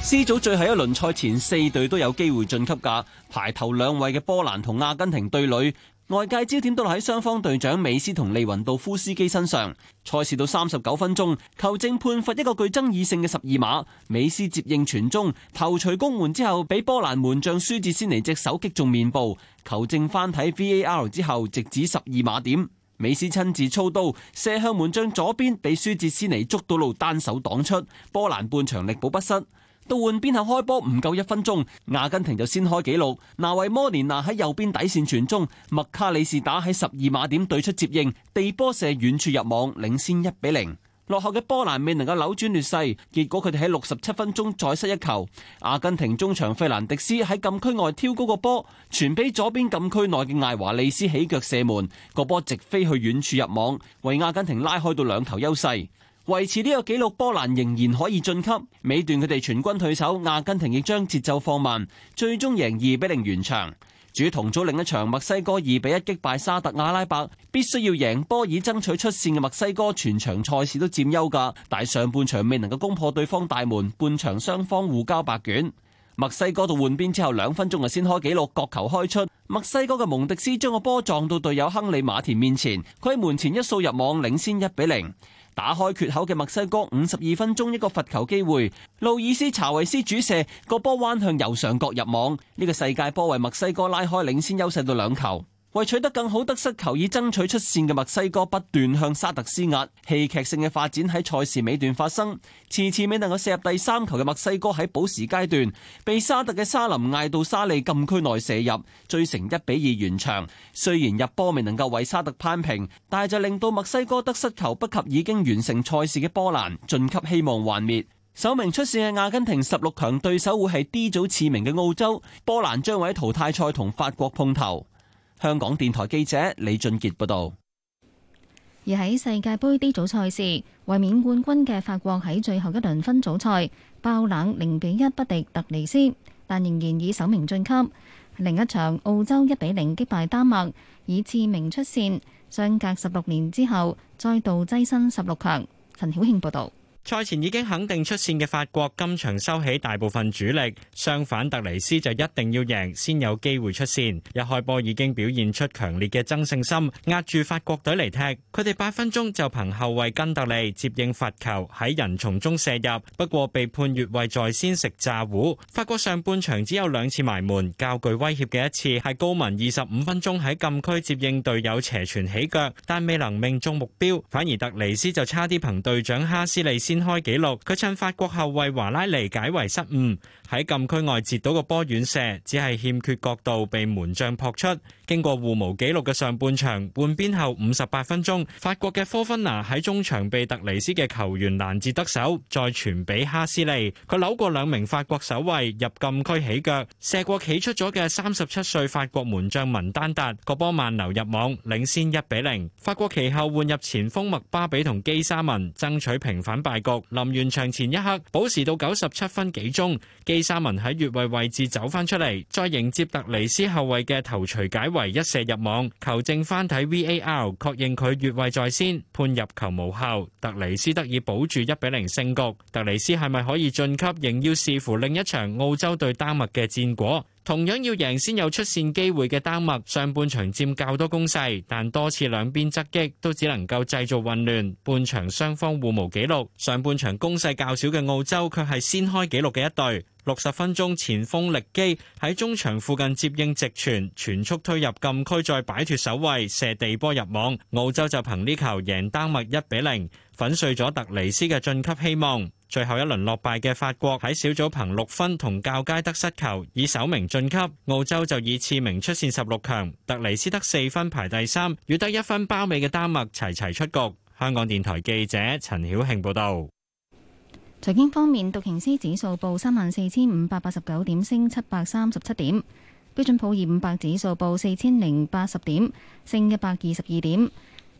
，C 組最後一輪賽前四隊都有機會晉級噶。排頭兩位嘅波蘭同阿根廷對壘，外界焦點都落喺雙方隊長美斯同利雲道夫斯基身上。賽事到三十九分鐘，球證判罰一個具爭議性嘅十二碼，美斯接應傳中，頭錘攻門之後，俾波蘭門將舒志先尼隻手擊中面部，球證翻睇 VAR 之後，直指十二碼點。美斯親自操刀射向門將左邊，被舒哲斯尼捉到路，單手擋出。波蘭半場力保不失，到換邊後開波唔夠一分鐘，阿根廷就先開紀錄。那維摩連拿喺右邊底線傳中，麥卡里士打喺十二碼點對出接應，地波射遠處入網，領先一比零。落後嘅波蘭未能夠扭轉劣勢，結果佢哋喺六十七分鐘再失一球。阿根廷中場費蘭迪斯喺禁區外挑高個波，傳俾左邊禁區內嘅艾華利斯起腳射門，個波直飛去遠處入網，為阿根廷拉開到兩球優勢。維持呢個紀錄，波蘭仍然可以晉級。尾段佢哋全軍退守，阿根廷亦將節奏放慢，最終贏二比零完場。主同組另一場墨西哥二比一擊敗沙特阿拉伯，必須要贏波以爭取出線嘅墨西哥全場賽事都佔優噶，但係上半場未能夠攻破對方大門，半場雙方互交白卷。墨西哥度換邊之後兩分鐘就先開紀錄，角球開出，墨西哥嘅蒙迪斯將個波撞到隊友亨利馬田面前，佢喺門前一掃入網，領先一比零。打開缺口嘅墨西哥五十二分鐘一個罰球機會，路易斯查維斯主射個波彎向右上角入網，呢個世界波為墨西哥拉開領先優勢到兩球。為取得更好得失球以爭取出線嘅墨西哥不斷向沙特施壓，戲劇性嘅發展喺賽事尾段發生。遲遲未能夠射入第三球嘅墨西哥喺補時階段被沙特嘅沙林嗌到沙利禁區內射入，追成一比二完場。雖然入波未能夠為沙特攀平，但係就令到墨西哥得失球不及已經完成賽事嘅波蘭晉級希望幻滅。首名出線嘅阿根廷十六強對手會係 D 組次名嘅澳洲，波蘭將會喺淘汰賽同法國碰頭。香港電台記者李俊杰報道，而喺世界杯 D 組賽事衛冕冠軍嘅法國喺最後一輪分組賽爆冷零比一不敵突尼斯，但仍然以首名晉級。另一場澳洲一比零擊敗丹麥，以次名出線，相隔十六年之後再度躋身十六強。陳曉慶報道。賽前已經肯定出線嘅法國，今場收起大部分主力，相反特尼斯就一定要贏先有機會出線。一開波已經表現出強烈嘅爭勝心，壓住法國隊嚟踢。佢哋八分鐘就憑後衛根特利接應罰球喺人叢中射入，不過被判越位在先食炸糊。法國上半場只有兩次埋門，較具威脅嘅一次係高民二十五分鐘喺禁區接應隊友斜傳起腳，但未能命中目標，反而特尼斯就差啲憑隊長哈斯利先。開紀錄，佢趁法國後衛華拉尼解圍失誤，喺禁區外截到個波遠射，李沙文喺越位位置走翻出嚟，再迎接特尼斯後衛嘅頭錘解圍一射入網，球證翻睇 VAR 確認佢越位在先，判入球無效。特尼斯得以保住一比零勝局。特尼斯係咪可以晉級，仍要視乎另一場澳洲對丹麥嘅戰果。同樣要贏先有出線機會嘅丹麥，上半場佔較多攻勢，但多次兩邊側擊都只能夠製造混亂。半場雙方互無紀錄，上半場攻勢較少嘅澳洲，卻係先開紀錄嘅一隊。六十分鐘，前鋒力基喺中場附近接應直傳，全速推入禁區，再擺脫守衞，射地波入網。澳洲就憑呢球贏丹麥一比零。粉碎咗特尼斯嘅晉級希望，最後一輪落敗嘅法國喺小組憑六分同較佳得失球以首名晉級，澳洲就以次名出線十六強，特尼斯得四分排第三，與得一分包尾嘅丹麥齊齊出局。香港電台記者陳曉慶報道。財經方面，道瓊斯指數報三萬四千五百八十九點，升七百三十七點；標準普爾五百指數報四千零八十點，升一百二十二點。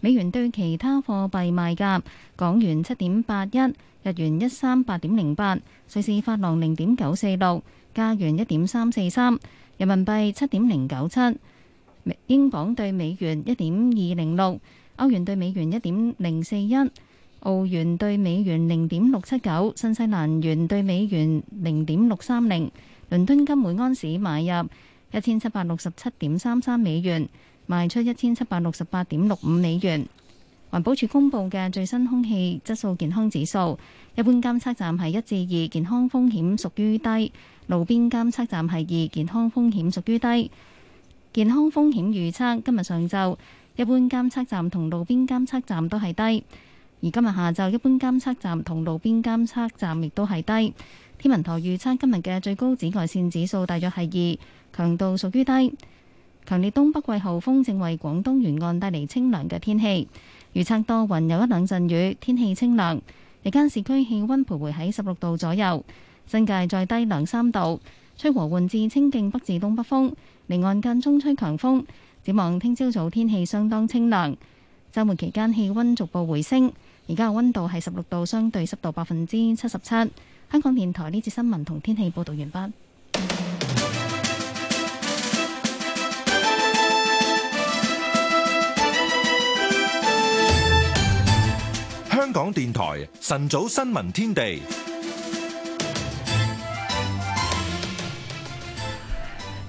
美元對其他貨幣賣價：港元七點八一，日元一三八點零八，瑞士法郎零點九四六，加元一點三四三，人民幣七點零九七，英鎊對美元一點二零六，歐元對美元一點零四一，澳元對美元零點六七九，新西蘭元對美元零點六三零。倫敦金每安士買入一千七百六十七點三三美元。賣出一千七百六十八點六五美元。環保署公布嘅最新空氣質素健康指數，一般監測站係一至二，健康風險屬於低；路邊監測站係二，健康風險屬於低。健康風險預測今日上晝，一般監測站同路邊監測站都係低；而今日下晝，一般監測站同路邊監測站亦都係低。天文台預測今日嘅最高紫外線指數大約係二，強度屬於低。強烈東北季候風正為廣東沿岸帶嚟清涼嘅天氣，預測多雲有一兩陣雨，天氣清涼。日間市區氣温徘徊喺十六度左右，新界再低兩三度，吹和緩至清勁北至東北風，離岸間中吹強風。展望聽朝早天氣相當清涼，週末期間氣温逐步回升。而家嘅温度係十六度，相對濕度百分之七十七。香港電台呢節新聞同天氣報導完畢。香港電台晨早新聞天地，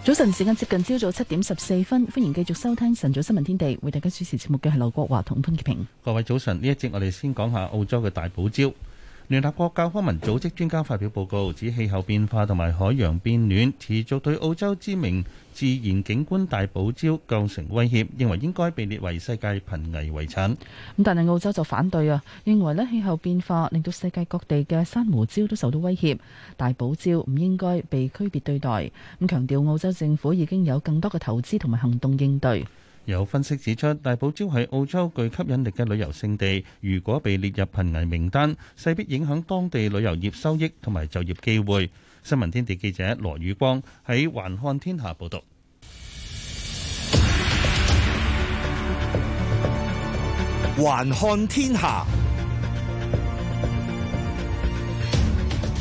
早晨時間接近朝早七點十四分，歡迎繼續收聽晨早新聞天地，為大家主持節目嘅係劉國華同潘潔平。各位早晨，呢一節我哋先講下澳洲嘅大堡礁。聯合國教科文組織專家發表報告，指氣候變化同埋海洋變暖持續對澳洲知名自然景觀大堡礁構成威脅，認為應該被列為世界瀕危遺產。咁但係澳洲就反對啊，認為呢氣候變化令到世界各地嘅珊瑚礁都受到威脅，大堡礁唔應該被區別對待。咁強調澳洲政府已經有更多嘅投資同埋行動應對。有分析指出，大堡礁係澳洲具吸引力嘅旅遊勝地，如果被列入瀕危名單，勢必影響當地旅遊業收益同埋就業機會。新聞天地記者羅宇光喺環看天下報道。環看天下。報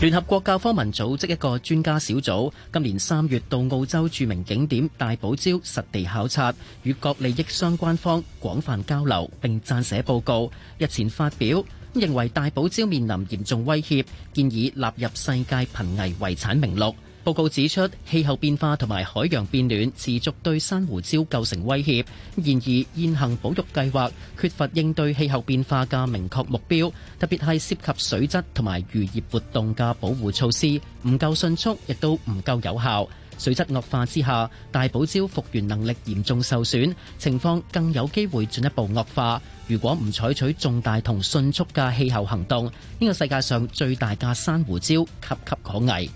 聯合國教科文組織一個專家小組今年三月到澳洲著名景點大堡礁實地考察，與各利益相關方廣泛交流，並撰寫報告。日前發表，認為大堡礁面臨嚴重威脅，建議納入世界瀕危遺產名錄。報告指出，氣候變化同埋海洋變暖持續對珊瑚礁構成威脅。然而，現行保育計劃缺乏應對氣候變化嘅明確目標，特別係涉及水質同埋漁業活動嘅保護措施唔夠迅速，亦都唔夠有效。水質惡化之下，大堡礁復原能力嚴重受損，情況更有機會進一步惡化。如果唔採取重大同迅速嘅氣候行動，呢個世界上最大嘅珊瑚礁岌岌可危。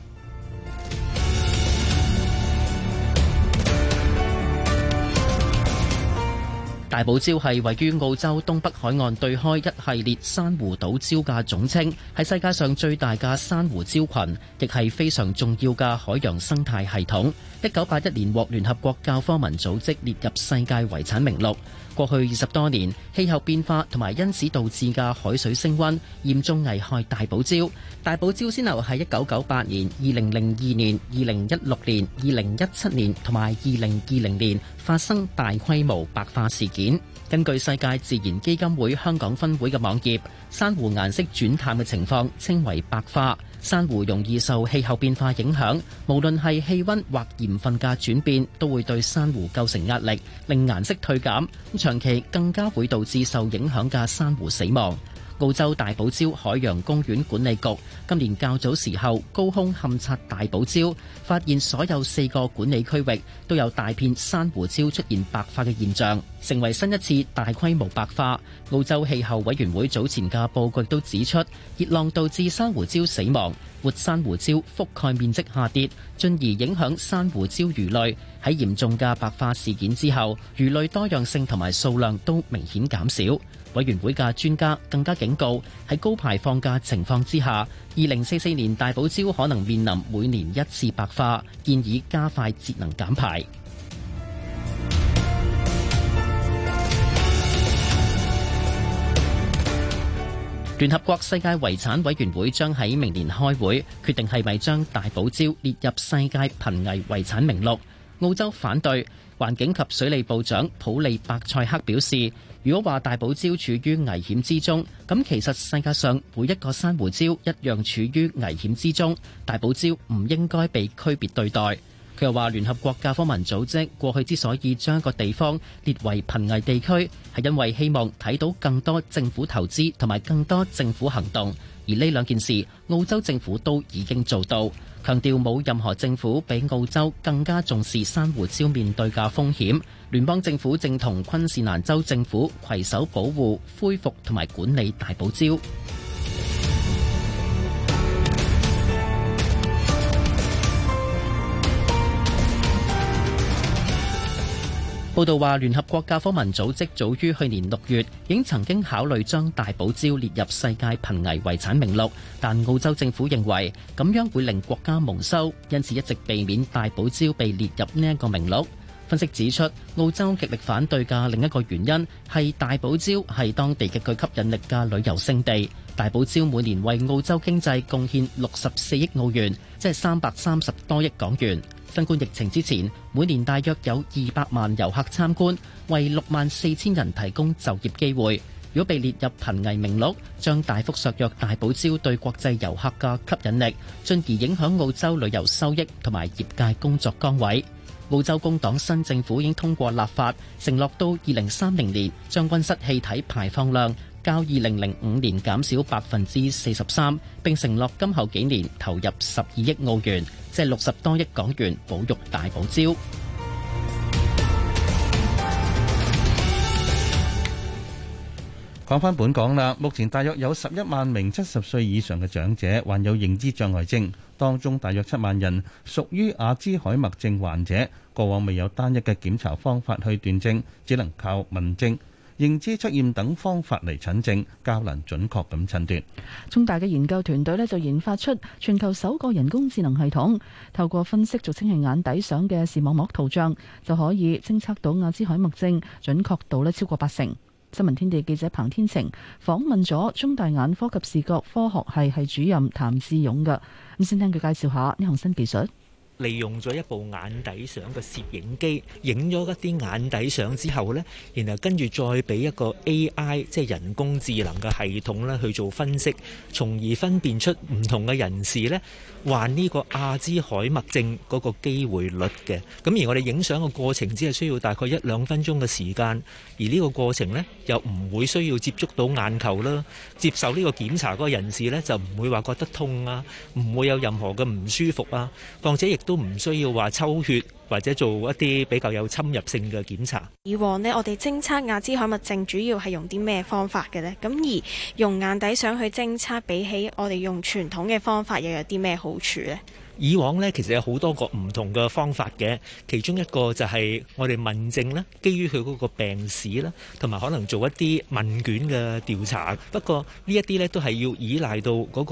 大堡礁係位於澳洲東北海岸對開一系列珊瑚島礁嘅總稱，係世界上最大嘅珊瑚礁群，亦係非常重要嘅海洋生態系統。一九八一年獲聯合國教科文組織列入世界遺產名錄。過去二十多年氣候變化同埋因此導致嘅海水升溫，嚴重危害大堡礁。大堡礁先後喺一九九八年、二零零二年、二零一六年、二零一七年同埋二零二零年發生大規模白化事件。根據世界自然基金會香港分會嘅網頁，珊瑚顏色轉淡嘅情況稱為白化。珊瑚容易受氣候變化影響，無論係氣溫或鹽分嘅轉變都會對珊瑚構成壓力，令顏色退減，長期更加會導致受影響嘅珊瑚死亡。澳洲大堡礁海洋公園管理局今年較早時候高空勘察大堡礁，發現所有四個管理區域都有大片珊瑚礁出現白化嘅現象，成為新一次大規模白化。澳洲氣候委員會早前嘅報告都指出，熱浪導致珊瑚礁死亡，活珊瑚礁覆蓋面積下跌，進而影響珊瑚礁魚類。喺嚴重嘅白化事件之後，魚類多樣性同埋數量都明顯減少。委員會嘅專家更加警告，喺高排放嘅情況之下，二零四四年大堡礁可能面臨每年一次白化，建議加快節能減排。聯合國世界遺產委員會將喺明年開會，決定係咪將大堡礁列入世界瀕危遺產名錄。澳洲反對環境及水利部長普利伯塞克表示。如果話大堡礁處於危險之中，咁其實世界上每一個珊瑚礁一樣處於危險之中，大堡礁唔應該被區別對待。佢又話：聯合國教科文組織過去之所以將一個地方列為瀕危地區，係因為希望睇到更多政府投資同埋更多政府行動。而呢兩件事，澳洲政府都已經做到。強調冇任何政府比澳洲更加重視珊瑚礁面對嘅風險。聯邦政府正同昆士蘭州政府攜手保護、恢復同埋管理大堡礁。報道話聯合國教科文組織早於去年六月已經曾經考慮將大堡礁列入世界瀕危遺產名錄，但澳洲政府認為咁樣會令國家蒙羞，因此一直避免大堡礁被列入呢一個名錄。分析指出澳洲極力反對嘅另一個原因係大堡礁係當地極具吸引力的旅遊勝地。大堡礁每年為澳洲經濟貢獻六十四億澳元，即係三百三十多億港元。新冠疫情之前，每年大約有二百萬遊客參觀，為六萬四千人提供就業機會。如果被列入瀕危名錄，將大幅削弱大堡礁對國際遊客嘅吸引力，進而影響澳洲旅遊收益同埋業界工作崗位。澳洲工黨新政府已經通過立法，承諾到二零三零年將溫室氣體排放量，較二零零五年減少百分之四十三，並承諾今後幾年投入十二億澳元，即六十多億港元，保育大堡礁。講翻本港啦，目前大約有十一萬名七十歲以上嘅長者患有認知障礙症，當中大約七萬人屬於阿茲海默症患者。過往未有單一嘅檢查方法去斷症，只能靠問症。認知測驗等方法嚟診症，較能準確咁診斷。中大嘅研究團隊咧就研發出全球首個人工智能系統，透過分析俗稱係眼底上嘅視網膜圖像，就可以偵測到亞茲海默症，準確度咧超過八成。新聞天地記者彭天晴訪問咗中大眼科及視覺科學系系主任譚志勇嘅咁先，聽佢介紹下呢項新技術。利用咗一部眼底相嘅攝影機影咗一啲眼底相之後咧，然後跟住再俾一個 AI，即係人工智能嘅系統咧去做分析，從而分辨出唔同嘅人士咧患呢個阿茲海默症個機會率嘅。咁而我哋影相嘅過程只係需要大概一兩分鐘嘅時間，而呢個過程咧又唔會需要接觸到眼球啦，接受呢個檢查個人士咧就唔會話覺得痛啊，唔會有任何嘅唔舒服啊，況且亦都。都唔需要話抽血或者做一啲比較有侵入性嘅檢查。以往呢，我哋偵測亞茲海默症主要係用啲咩方法嘅呢？咁而用眼底相去偵測，比起我哋用傳統嘅方法，又有啲咩好處呢？以往咧，其實有好多個唔同嘅方法嘅，其中一個就係我哋問症咧，基於佢個病史啦，同埋可能做一啲問卷嘅調查。不過呢一啲咧，都係要依賴到個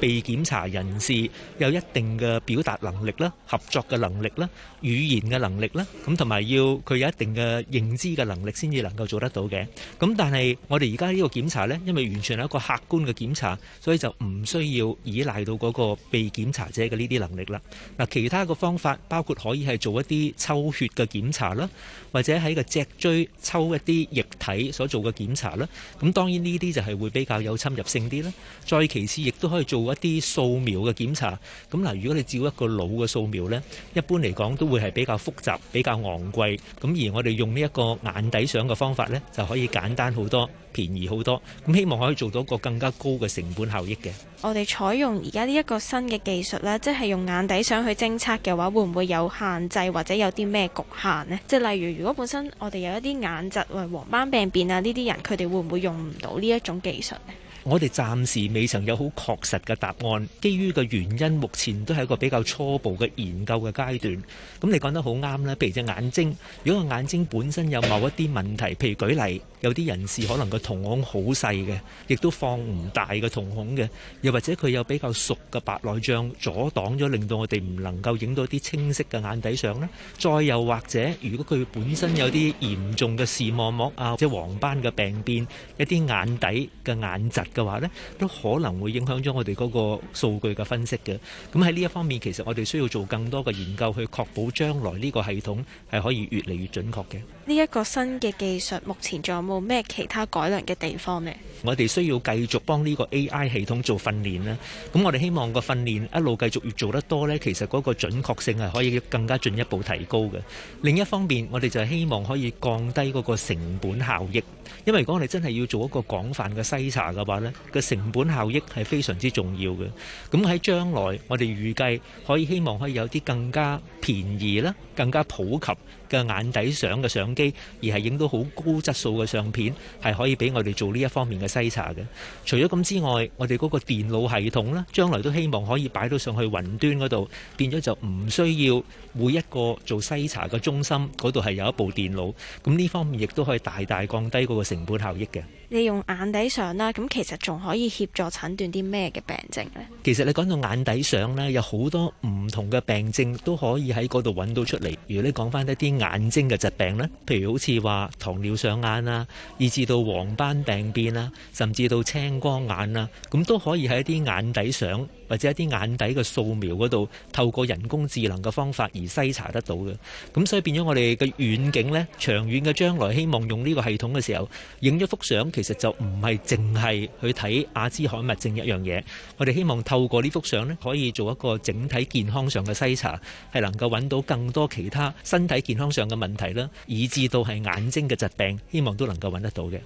被檢查人士有一定嘅表達能力啦、合作嘅能力啦、語言嘅能力啦，咁同埋要佢有一定嘅認知嘅能力先至能夠做得到嘅。咁但係我哋而家呢個檢查咧，因為完全係一個客觀嘅檢查，所以就唔需要依賴到個被檢查者嘅呢啲。能力啦，嗱，其他嘅方法包括可以係做一啲抽血嘅檢查啦，或者喺個脊椎抽一啲液體所做嘅檢查啦。咁當然呢啲就係會比較有侵入性啲啦。再其次，亦都可以做一啲掃描嘅檢查。咁嗱，如果你照一個腦嘅掃描咧，一般嚟講都會係比較複雜比較昂貴，咁而我哋用呢一個眼底相嘅方法咧，就可以簡單好多、便宜好多。咁希望可以做到一個更加高嘅成本效益嘅。我哋採用而家呢一個新嘅技術咧，即係。用眼底想去偵測嘅話，會唔會有限制或者有啲咩局限呢？即係例如，如果本身我哋有一啲眼疾，或黃斑病變啊呢啲人，佢哋會唔會用唔到呢一種技術咧？我哋暫時未曾有好確實嘅答案，基於個原因目前都係一個比較初步嘅研究嘅階段。咁你講得好啱咧，譬如隻眼睛，如果個眼睛本身有某一啲問題，譬如舉例，有啲人士可能個瞳孔好細嘅，亦都放唔大嘅瞳孔嘅，又或者佢有比較熟嘅白內障阻擋咗，令到我哋唔能夠影到啲清晰嘅眼底相咧。再又或者，如果佢本身有啲嚴重嘅視網膜啊，即係黃斑嘅病變，一啲眼底嘅眼疾嘅話咧，都可能會影響咗我哋嗰個數據嘅分析嘅。咁喺呢一方面，其實我哋需要做更多嘅研究，去確保將來呢個系統係可以越嚟越準確嘅。呢一個新嘅技術，目前仲有冇咩其他改良嘅地方呢？我哋需要繼續幫呢個 AI 系統做訓練啦。咁我哋希望個訓練一路繼續越做得多呢，其實嗰個準確性係可以更加進一步提高嘅。另一方面，我哋就希望可以降低嗰個成本效益。因為如果我哋真係要做一個廣泛嘅篩查嘅話呢，個成本效益係非常之重要嘅。咁喺將來，我哋預計可以希望可以有啲更加便宜啦，更加普及。嘅眼底相嘅相機，而係影到好高質素嘅相片，係可以俾我哋做呢一方面嘅篩查嘅。除咗咁之外，我哋嗰個電腦系統咧，將來都希望可以擺到上去雲端嗰度，變咗就唔需要每一個做篩查嘅中心嗰度係有一部電腦，咁呢方面亦都可以大大降低嗰個成本效益嘅。你用眼底相啦，咁其實仲可以協助診斷啲咩嘅病症咧？其實你講到眼底相咧，有好多唔同嘅病症都可以喺嗰度揾到出嚟。如果你講翻一啲。眼睛嘅疾病咧，譬如好似話糖尿上眼啊，以至到黃斑病變啊，甚至到青光眼啊，咁都可以喺啲眼底相或者一啲眼底嘅掃描度，透過人工智能嘅方法而篩查得到嘅。咁所以變咗我哋嘅遠景咧，長遠嘅將來希望用呢個系統嘅時候，影一幅相其實就唔係淨係去睇阿茲海默症一樣嘢，我哋希望透過呢幅相咧，可以做一個整體健康上嘅篩查，係能夠揾到更多其他身體健康上嘅問題啦，以致到係眼睛嘅疾病，希望都能夠揾得到嘅。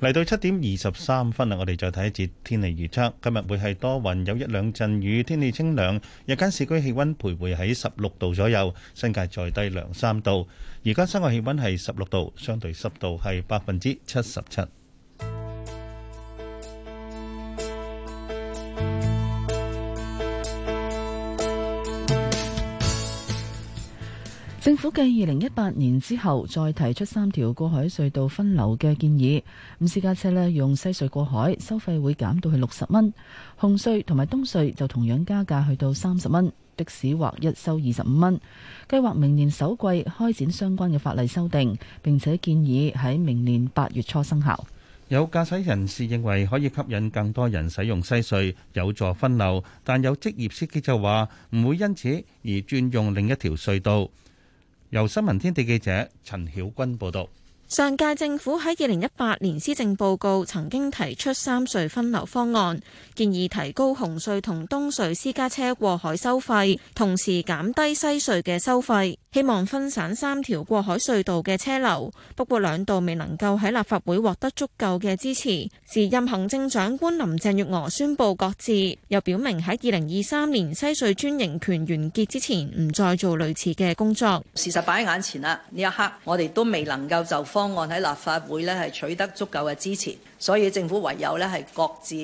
嚟到七點二十三分啦，我哋再睇一節天氣預測。今日會係多雲，有一兩陣雨，天氣清涼。日間市區氣温徘徊喺十六度左右，新界再低兩三度。而家室外氣温係十六度，相對濕度係百分之七十七。政府繼二零一八年之後再提出三條過海隧道分流嘅建議。咁私家車呢，用西隧過海收費會減到去六十蚊，紅隧同埋東隧就同樣加價去到三十蚊，的士劃一收二十五蚊。計劃明年首季開展相關嘅法例修訂，並且建議喺明年八月初生效。有駕駛人士認為可以吸引更多人使用西隧，有助分流，但有職業司機就話唔會因此而轉用另一條隧道。由新聞天地記者陳曉君報道。上屆政府喺二零一八年施政報告曾經提出三隧分流方案，建議提高紅隧同東隧私家車過海收費，同時減低西隧嘅收費，希望分散三條過海隧道嘅車流。不過兩度未能夠喺立法會獲得足夠嘅支持。時任行政長官林鄭月娥宣布擱置，又表明喺二零二三年西隧專營權完結之前，唔再做類似嘅工作。事實擺喺眼前啦，呢一刻我哋都未能夠就方案喺立法會咧係取得足夠嘅支持，所以政府唯有咧係各自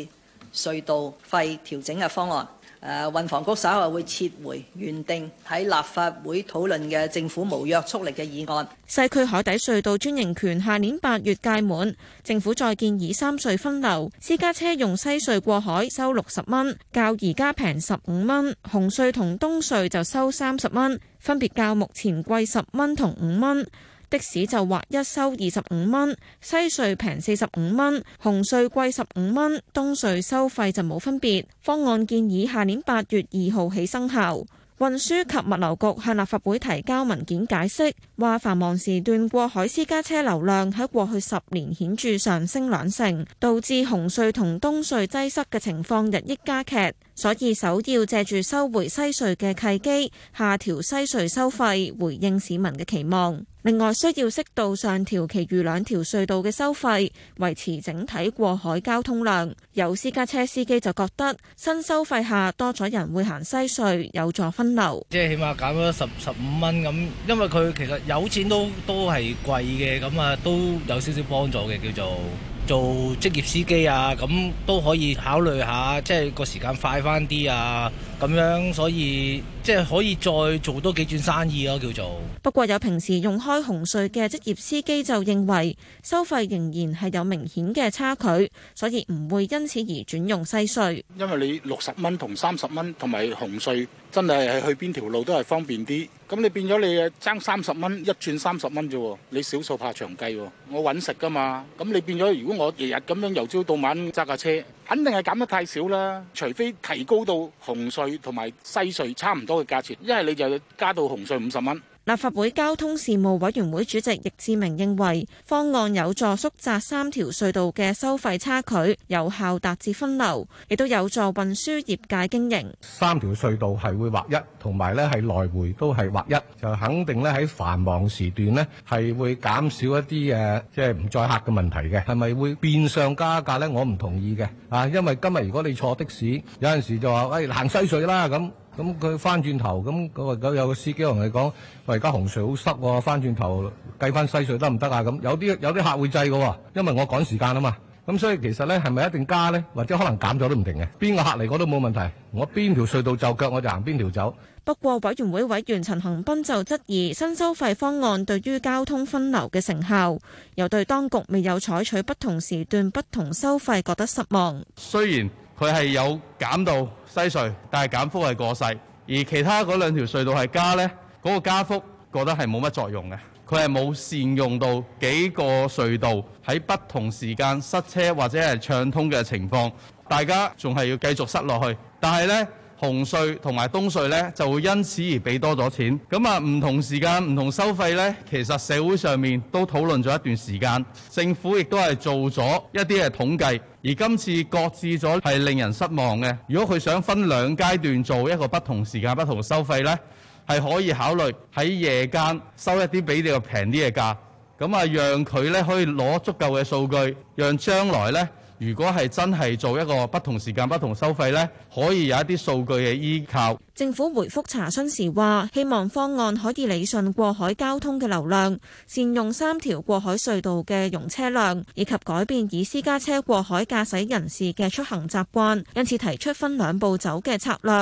隧道費調整嘅方案。誒運房局稍後會撤回原定喺立法會討論嘅政府無約束力嘅議案。西區海底隧道專營權下年八月屆滿，政府再建議三隧分流，私家車用西隧過海收六十蚊，較而家平十五蚊。紅隧同東隧就收三十蚊，分別較目前貴十蚊同五蚊。的士就劃一收二十五蚊，西隧平四十五蚊，紅隧貴十五蚊，東隧收費就冇分別。方案建議下年八月二號起生效。運輸及物流局向立法會提交文件解釋，話繁忙時段過海私家車流量喺過去十年顯著上升兩成，導致紅隧同東隧擠塞嘅情況日益加劇。所以首要借住收回西隧嘅契機，下調西隧收費，回應市民嘅期望。另外，需要適度上調其餘兩條隧道嘅收費，維持整體過海交通量。有私家車司機就覺得新收費下多咗人會行西隧，有助分流。即係起碼減咗十十五蚊咁，因為佢其實有錢都都係貴嘅，咁啊都有少少幫助嘅，叫做。做職業司機啊，咁都可以考慮下，即係個時間快返啲啊！咁樣，所以即係可以再做多幾轉生意咯，叫做。不過有平時用開紅隧嘅職業司機就認為收費仍然係有明顯嘅差距，所以唔會因此而轉用西隧，因為你六十蚊同三十蚊同埋紅隧真係係去邊條路都係方便啲。咁你變咗你爭三十蚊一轉三十蚊啫，你少數怕長計，我揾食噶嘛，咁你變咗如果我日日咁樣由朝到晚揸架車，肯定係減得太少啦。除非提高到紅隧。同埋西隧差唔多嘅價錢，一係你就加到紅隧五十蚊。立法會交通事務委員會主席易志明認為,方案有助縮窄三條隧道嘅收費差距,有效達至分流,亦都有助運輸業界經營。三條隧道係會劃一,同埋呢,係來回都係劃一,就肯定呢,喺繁忙時段呢,係會減少一啲,即係唔載客嘅問題嘅,係咪會變相加價呢,我唔同意嘅,因為今日如果你坐的士,有陣時就話,哎,行西隧啦,咁,咁佢翻轉頭，咁嗰個有個司機同佢講：我而家紅隧好塞喎，翻轉頭計翻西隧得唔得啊？咁有啲有啲客會制嘅喎，因為我趕時間啊嘛。咁所以其實咧，係咪一定加呢，或者可能減咗都唔定嘅。邊個客嚟我都冇問題，我邊條隧道就腳我就行邊條走。不過委員會委員陳恆斌就質疑新收費方案對於交通分流嘅成效，又對當局未有採取不同時段不同收費覺得失望。雖然佢係有減到西隧，但係減幅係過細；而其他嗰兩條隧道係加呢，嗰個加幅覺得係冇乜作用嘅。佢係冇善用到幾個隧道喺不同時間塞車或者係暢通嘅情況，大家仲係要繼續塞落去。但係呢。紅隧同埋東隧呢，就會因此而俾多咗錢。咁啊，唔同時間、唔同收費呢，其實社會上面都討論咗一段時間，政府亦都係做咗一啲嘅統計，而今次擱置咗係令人失望嘅。如果佢想分兩階段做一個不同時間、不同收費呢，係可以考慮喺夜間收一啲比佢平啲嘅價，咁啊，讓佢呢可以攞足夠嘅數據，讓將來呢。如果係真係做一個不同時間、不同收費呢，可以有一啲數據嘅依靠。政府回覆查詢時話：希望方案可以理順過海交通嘅流量，善用三條過海隧道嘅容車量，以及改變以私家車過海駕駛人士嘅出行習慣。因此提出分兩步走嘅策略。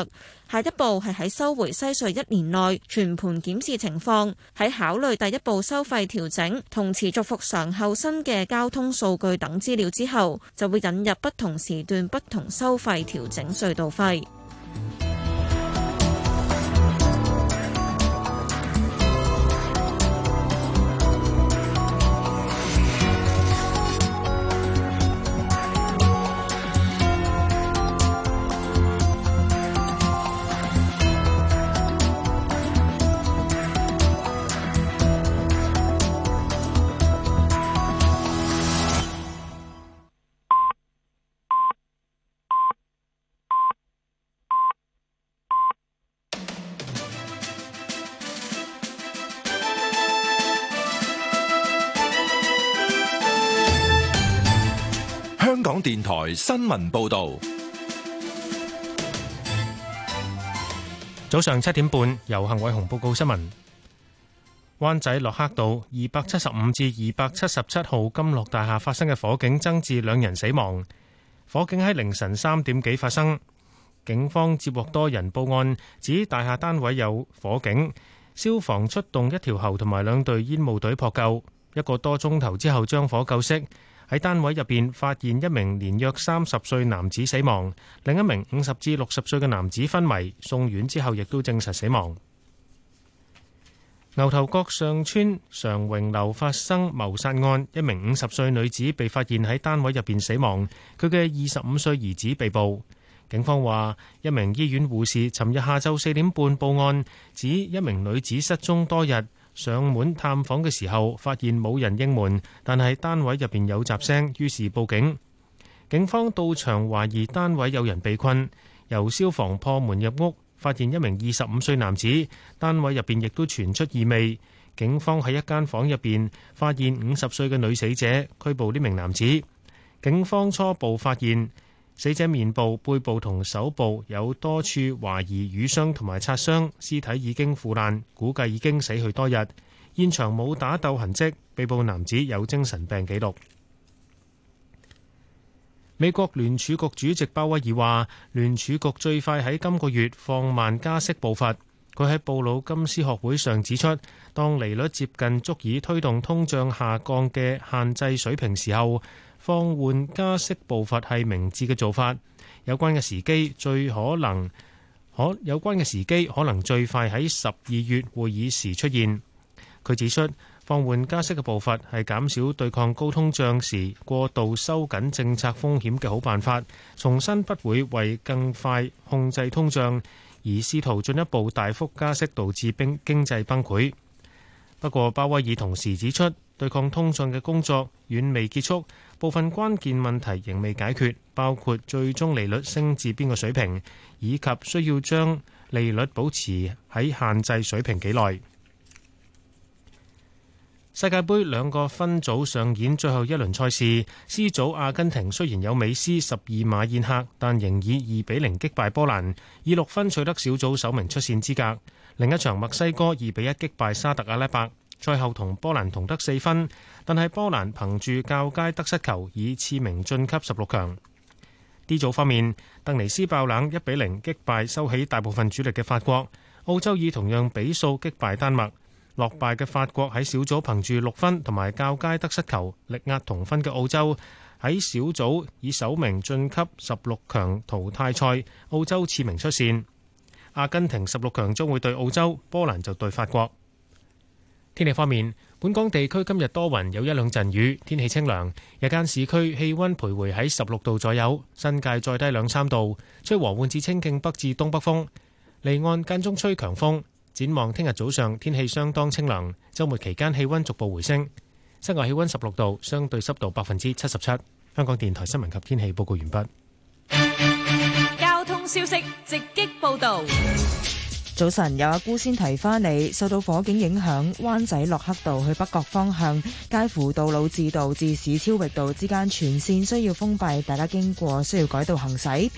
下一步係喺收回西隧一年內全盤檢視情況，喺考慮第一步收費調整同持續復常後新嘅交通數據等資料之後，就會引入不同時段不同收費調整隧道費。電台新聞報道：早上七點半，由幸偉雄報告新聞。灣仔洛克道二百七十五至二百七十七號金樂大廈發生嘅火警，增至兩人死亡。火警喺凌晨三點幾發生，警方接獲多人報案，指大廈單位有火警，消防出動一條喉同埋兩隊煙霧隊撲救，一個多鐘頭之後將火救熄。喺單位入邊發現一名年約三十歲男子死亡，另一名五十至六十歲嘅男子昏迷，送院之後亦都證實死亡。牛頭角上村常榮樓發生謀殺案，一名五十歲女子被發現喺單位入邊死亡，佢嘅二十五歲兒子被捕。警方話，一名醫院護士尋日下晝四點半報案，指一名女子失蹤多日。上門探訪嘅時候，發現冇人應門，但係單位入邊有雜聲，於是報警。警方到場懷疑單位有人被困，由消防破門入屋，發現一名二十五歲男子，單位入邊亦都傳出異味。警方喺一間房入邊發現五十歲嘅女死者，拘捕呢名男子。警方初步發現。死者面部、背部同手部有多處懷疑瘀傷同埋擦傷，屍體已經腐爛，估計已經死去多日。現場冇打鬥痕跡，被捕男子有精神病記錄。美國聯儲局主席鮑威爾話：聯儲局最快喺今個月放慢加息步伐。佢喺布魯金斯學會上指出，當利率接近足以推動通脹下降嘅限制水平時候。放緩加息步伐係明智嘅做法，有關嘅時機最可能可有關嘅時機可能最快喺十二月會議時出現。佢指出，放緩加息嘅步伐係減少對抗高通脹時過度收緊政策風險嘅好辦法，重申不會為更快控制通脹而試圖進一步大幅加息導致經經濟崩潰。不過，鮑威爾同時指出，對抗通脹嘅工作遠未結束，部分關鍵問題仍未解決，包括最終利率升至邊個水平，以及需要將利率保持喺限制水平幾耐。世界盃兩個分組上演最後一輪賽事，C 組阿根廷雖然有美斯十二碼宴客，但仍以二比零擊敗波蘭，以六分取得小組首名出線資格。另一場墨西哥二比一擊敗沙特阿拉伯。最後同波蘭同得四分，但係波蘭憑住較佳得失球以次名晉級十六強。D 組方面，突尼斯爆冷一比零擊敗收起大部分主力嘅法國，澳洲以同樣比數擊敗丹麥。落敗嘅法國喺小組憑住六分同埋較佳得失球力壓同分嘅澳洲，喺小組以首名晉級十六強淘汰賽。澳洲次名出線，阿根廷十六強將會對澳洲，波蘭就對法國。天氣方面，本港地區今日多雲，有一兩陣雨，天氣清涼。日間市區氣溫徘徊喺十六度左右，新界再低兩三度，吹和緩至清勁北至東北風，離岸間中吹強風。展望聽日早上天氣相當清涼，周末期間氣溫逐步回升，室外氣溫十六度，相對濕度百分之七十七。香港電台新聞及天氣報告完畢。交通消息直擊報道。早晨，有阿姑先提翻你。受到火警影響，灣仔洛克道去北角方向，介乎道路至道至市超域道之間全線需要封閉，大家經過需要改道行駛。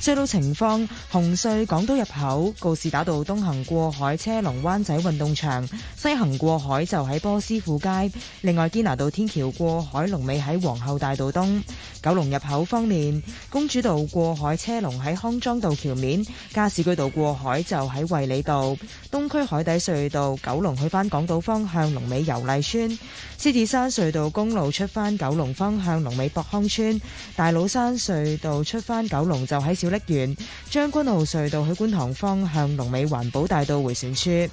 隧道情況，紅隧港島入口告士打道東行過海，車龍灣仔運動場，西行過海就喺波斯富街。另外，堅拿道天橋過海龍尾喺皇后大道東。九龍入口方面，公主道過海車龍喺康莊道橋面；加士居道過海就喺惠利道。東區海底隧道九龍去返港島方向龍尾油麗村；獅子山隧道公路出返九龍方向龍尾博康村；大老山隧道出返九龍就喺小。一源將軍澳隧道去觀塘方向龍尾環保大道回旋處。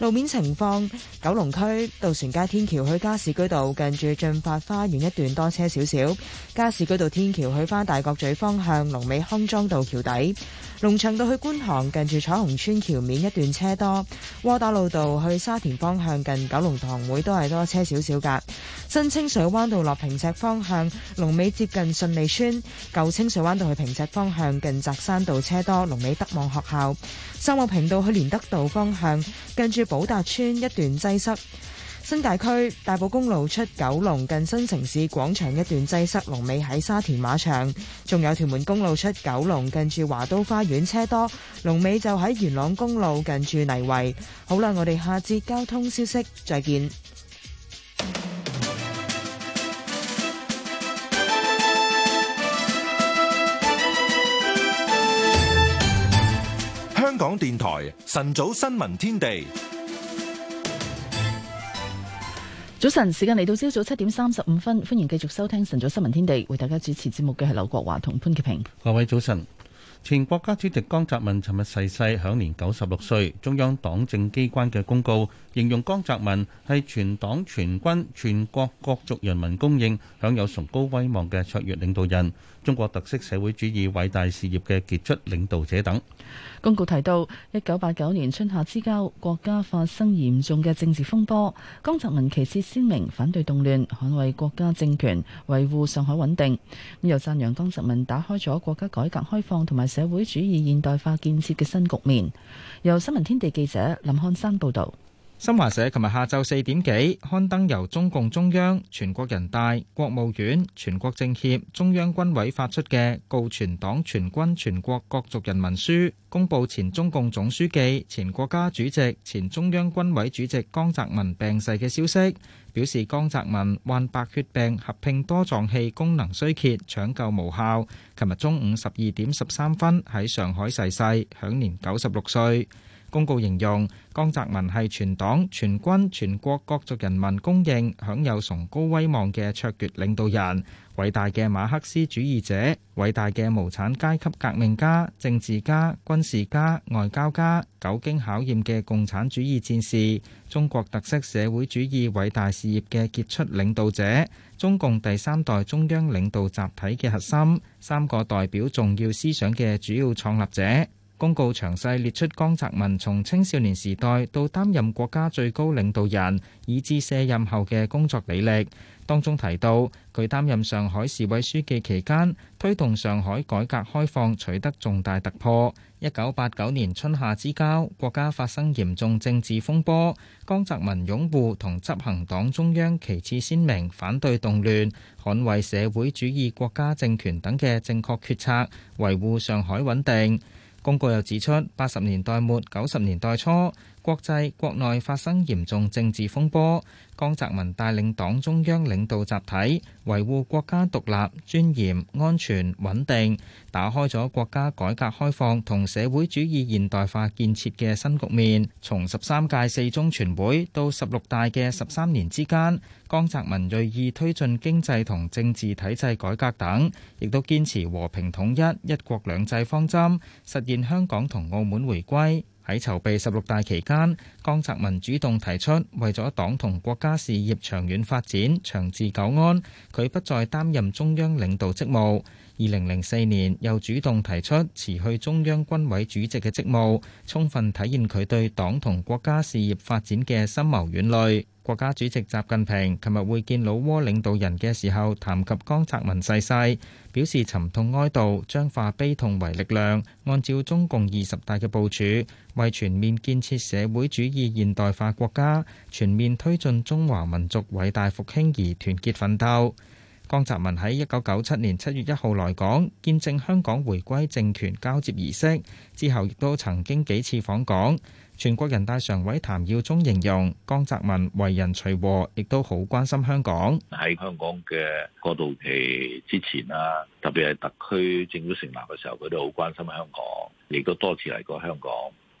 路面情況,九龍區渡船街天橋去加士居道,近住進發花園一段多車少少。加士居道天橋去返大角咀方向,龍尾康莊道橋底。龍翔道去觀塘,近住彩虹村橋面一段車多。窩打老道去沙田方向,近九龍塘會都係多車少少㗎。新清水灣道落平石方向,龍尾接近順利村。舊清水灣道去平石方向,近澤山道車多,龍尾德望學校。生活平道去連德道方向,近住寶達村一段擠塞，新界區，大埔公路出九龍近新城市廣場一段擠塞，龍尾喺沙田馬場，仲有屯門公路出九龍近住華都花園車多，龍尾就喺元朗公路近住泥圍。好啦，我哋下節交通消息再見。香港電台晨早新聞天地。早晨，時間嚟到朝早七點三十五分，歡迎繼續收聽晨早新聞天地，為大家主持節目嘅係劉國華同潘潔平。各位早晨，前國家主席江澤民尋日逝世，享年九十六歲，中央黨政機關嘅公告。形容江澤民係全黨全軍全國各族人民公認享有崇高威望嘅卓越領導人，中國特色社會主義偉大事業嘅傑出領導者等。公告提到，一九八九年春夏之交，國家發生嚴重嘅政治風波，江澤民旗幟鮮明，反對動亂，捍衛國家政權，維護上海穩定。咁又讚揚江澤民打開咗國家改革開放同埋社會主義現代化建設嘅新局面。由新聞天地記者林漢山報道。新華社琴日下晝四點幾刊登由中共中央、全國人大、國務院、全國政協、中央軍委發出嘅《告全黨全軍全國各族人民書》，公布前中共總書記、前國家主席、前中央軍委主席江澤民病逝嘅消息。表示江澤民患白血病，合併多臟器功能衰竭，搶救無效。琴日中午十二點十三分喺上海逝世，享年九十六歲。公告形容，江澤民係全黨、全軍、全國各族人民公認享有崇高威望嘅卓越領導人，偉大嘅馬克思主義者，偉大嘅無產階級革命家、政治家、軍事家、外交家，久經考驗嘅共產主義戰士，中國特色社會主義偉大事業嘅傑出領導者，中共第三代中央領導集體嘅核心，三個代表重要思想嘅主要創立者。公告詳細列出江澤民從青少年時代到擔任國家最高領導人以至卸任後嘅工作履歷。當中提到，佢擔任上海市委書記期間，推動上海改革開放取得重大突破。一九八九年春夏之交，國家發生嚴重政治風波，江澤民擁護同執行黨中央旗幟鮮明反對動亂、捍衛社會主義國家政權等嘅正確決策，維護上海穩定。公告又指出，八十年代末九十年代初，國際國內發生嚴重政治風波，江澤民帶領黨中央領導集體維護國家獨立、尊嚴、安全、穩定，打開咗國家改革開放同社會主義現代化建設嘅新局面。從十三屆四中全會到十六大嘅十三年之間，江澤民銳意推進經濟同政治體制改革等，亦都堅持和平統一、一國兩制方針，實現香港同澳門回歸。喺籌備十六大期間，江澤民主動提出為咗黨同國家事業長遠發展、長治久安，佢不再擔任中央領導職務。二零零四年又主動提出辭去中央軍委主席嘅職務，充分體現佢對黨同國家事業發展嘅深謀遠慮。國家主席習近平琴日會見老撾領導人嘅時候，談及江澤民逝世，表示沉痛哀悼，將化悲痛為力量，按照中共二十大嘅部署，為全面建設社會主義現代化國家、全面推進中華民族偉大復興而團結奮鬥。江澤民喺一九九七年七月一號來港，見證香港回歸政權交接儀式，之後亦都曾經幾次訪港。全國人大常委譚耀宗形容江澤民為人隨和，亦都好關心香港。喺香港嘅過渡期之前啦，特別係特區政府成立嘅時候，佢都好關心香港，亦都多次嚟過香港。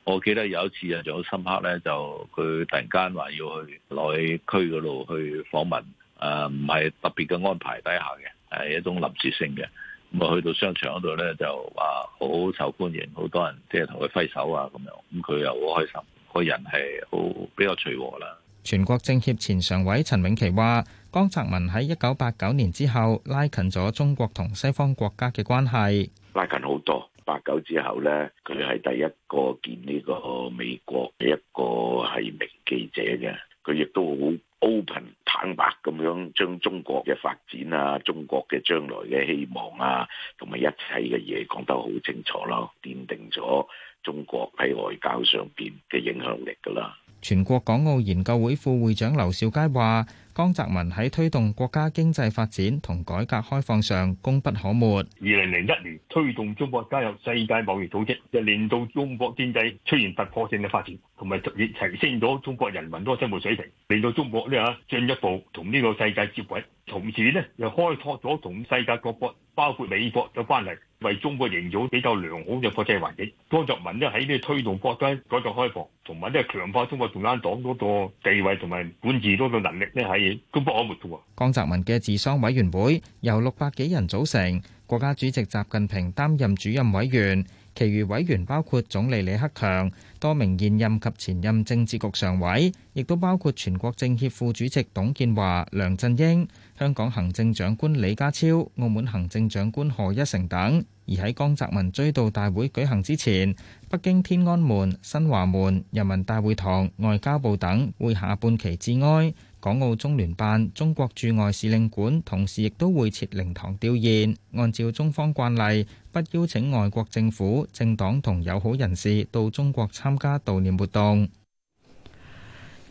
我記得有一次印象好深刻咧，就佢突然間話要去內區嗰度去訪問，誒唔係特別嘅安排底下嘅，係一種臨時性嘅。咁啊，去到商場嗰度咧，就話好受歡迎，好多人即係同佢揮手啊，咁樣，咁佢又好開心，個人係好比較隨和啦。全國政協前常委陳永琪話：江澤民喺一九八九年之後拉近咗中國同西方國家嘅關係，拉近好多。八九之後咧，佢係第一個見呢個美國嘅一個係名記者嘅，佢亦都。好。Open、坦白咁樣將中國嘅發展啊、中國嘅將來嘅希望啊，同埋一切嘅嘢講得好清楚咯，奠定咗中國喺外交上邊嘅影響力㗎啦。全國港澳研究會副會長劉兆佳話。江澤民喺推動國家經濟發展同改革開放上功不可沒。二零零一年推動中國加入世界貿易組織，就令到中國經濟出現突破性嘅發展，同埋逐漸提升咗中國人民嗰生活水平，令到中國呢吓進一步同呢個世界接軌，同時呢又開拓咗同世界各國。包括美國咗翻嚟，為中國營造比較良好嘅國際環境。江澤民咧喺呢推動國家改革開放，同埋咧強化中國共產黨嗰個地位同埋管治嗰個能力咧，係都不可沒嘅。江澤民嘅治喪委員會由六百幾人組成，國家主席習近平擔任主任委員，其餘委員包括總理李克強，多名現任及前任政治局常委，亦都包括全國政協副主席董建華、梁振英、香港行政長官李家超、澳門行政長官賀一誠等，而喺江澤民追悼大會舉行之前，北京天安門、新華門、人民大會堂、外交部等會下半旗致哀，港澳中聯辦、中國駐外使領館同時亦都會設靈堂吊唁。按照中方慣例，不邀請外國政府、政黨同友好人士到中國參加悼念活動。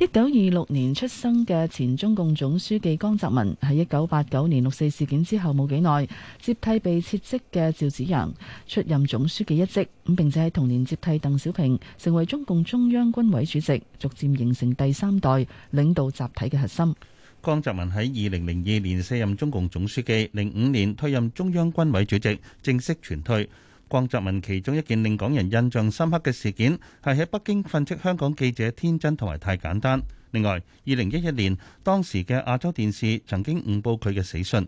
一九二六年出生嘅前中共總書記江澤民，喺一九八九年六四事件之後冇幾耐，接替被撤職嘅趙紫陽出任總書記一職，咁並且喺同年接替鄧小平，成為中共中央軍委主席，逐漸形成第三代領導集體嘅核心。江澤民喺二零零二年卸任中共總書記，零五年退任中央軍委主席，正式全退。江澤民其中一件令港人印象深刻嘅事件，係喺北京訓斥香港記者天真同埋太簡單。另外，二零一一年當時嘅亞洲電視曾經誤報佢嘅死訊，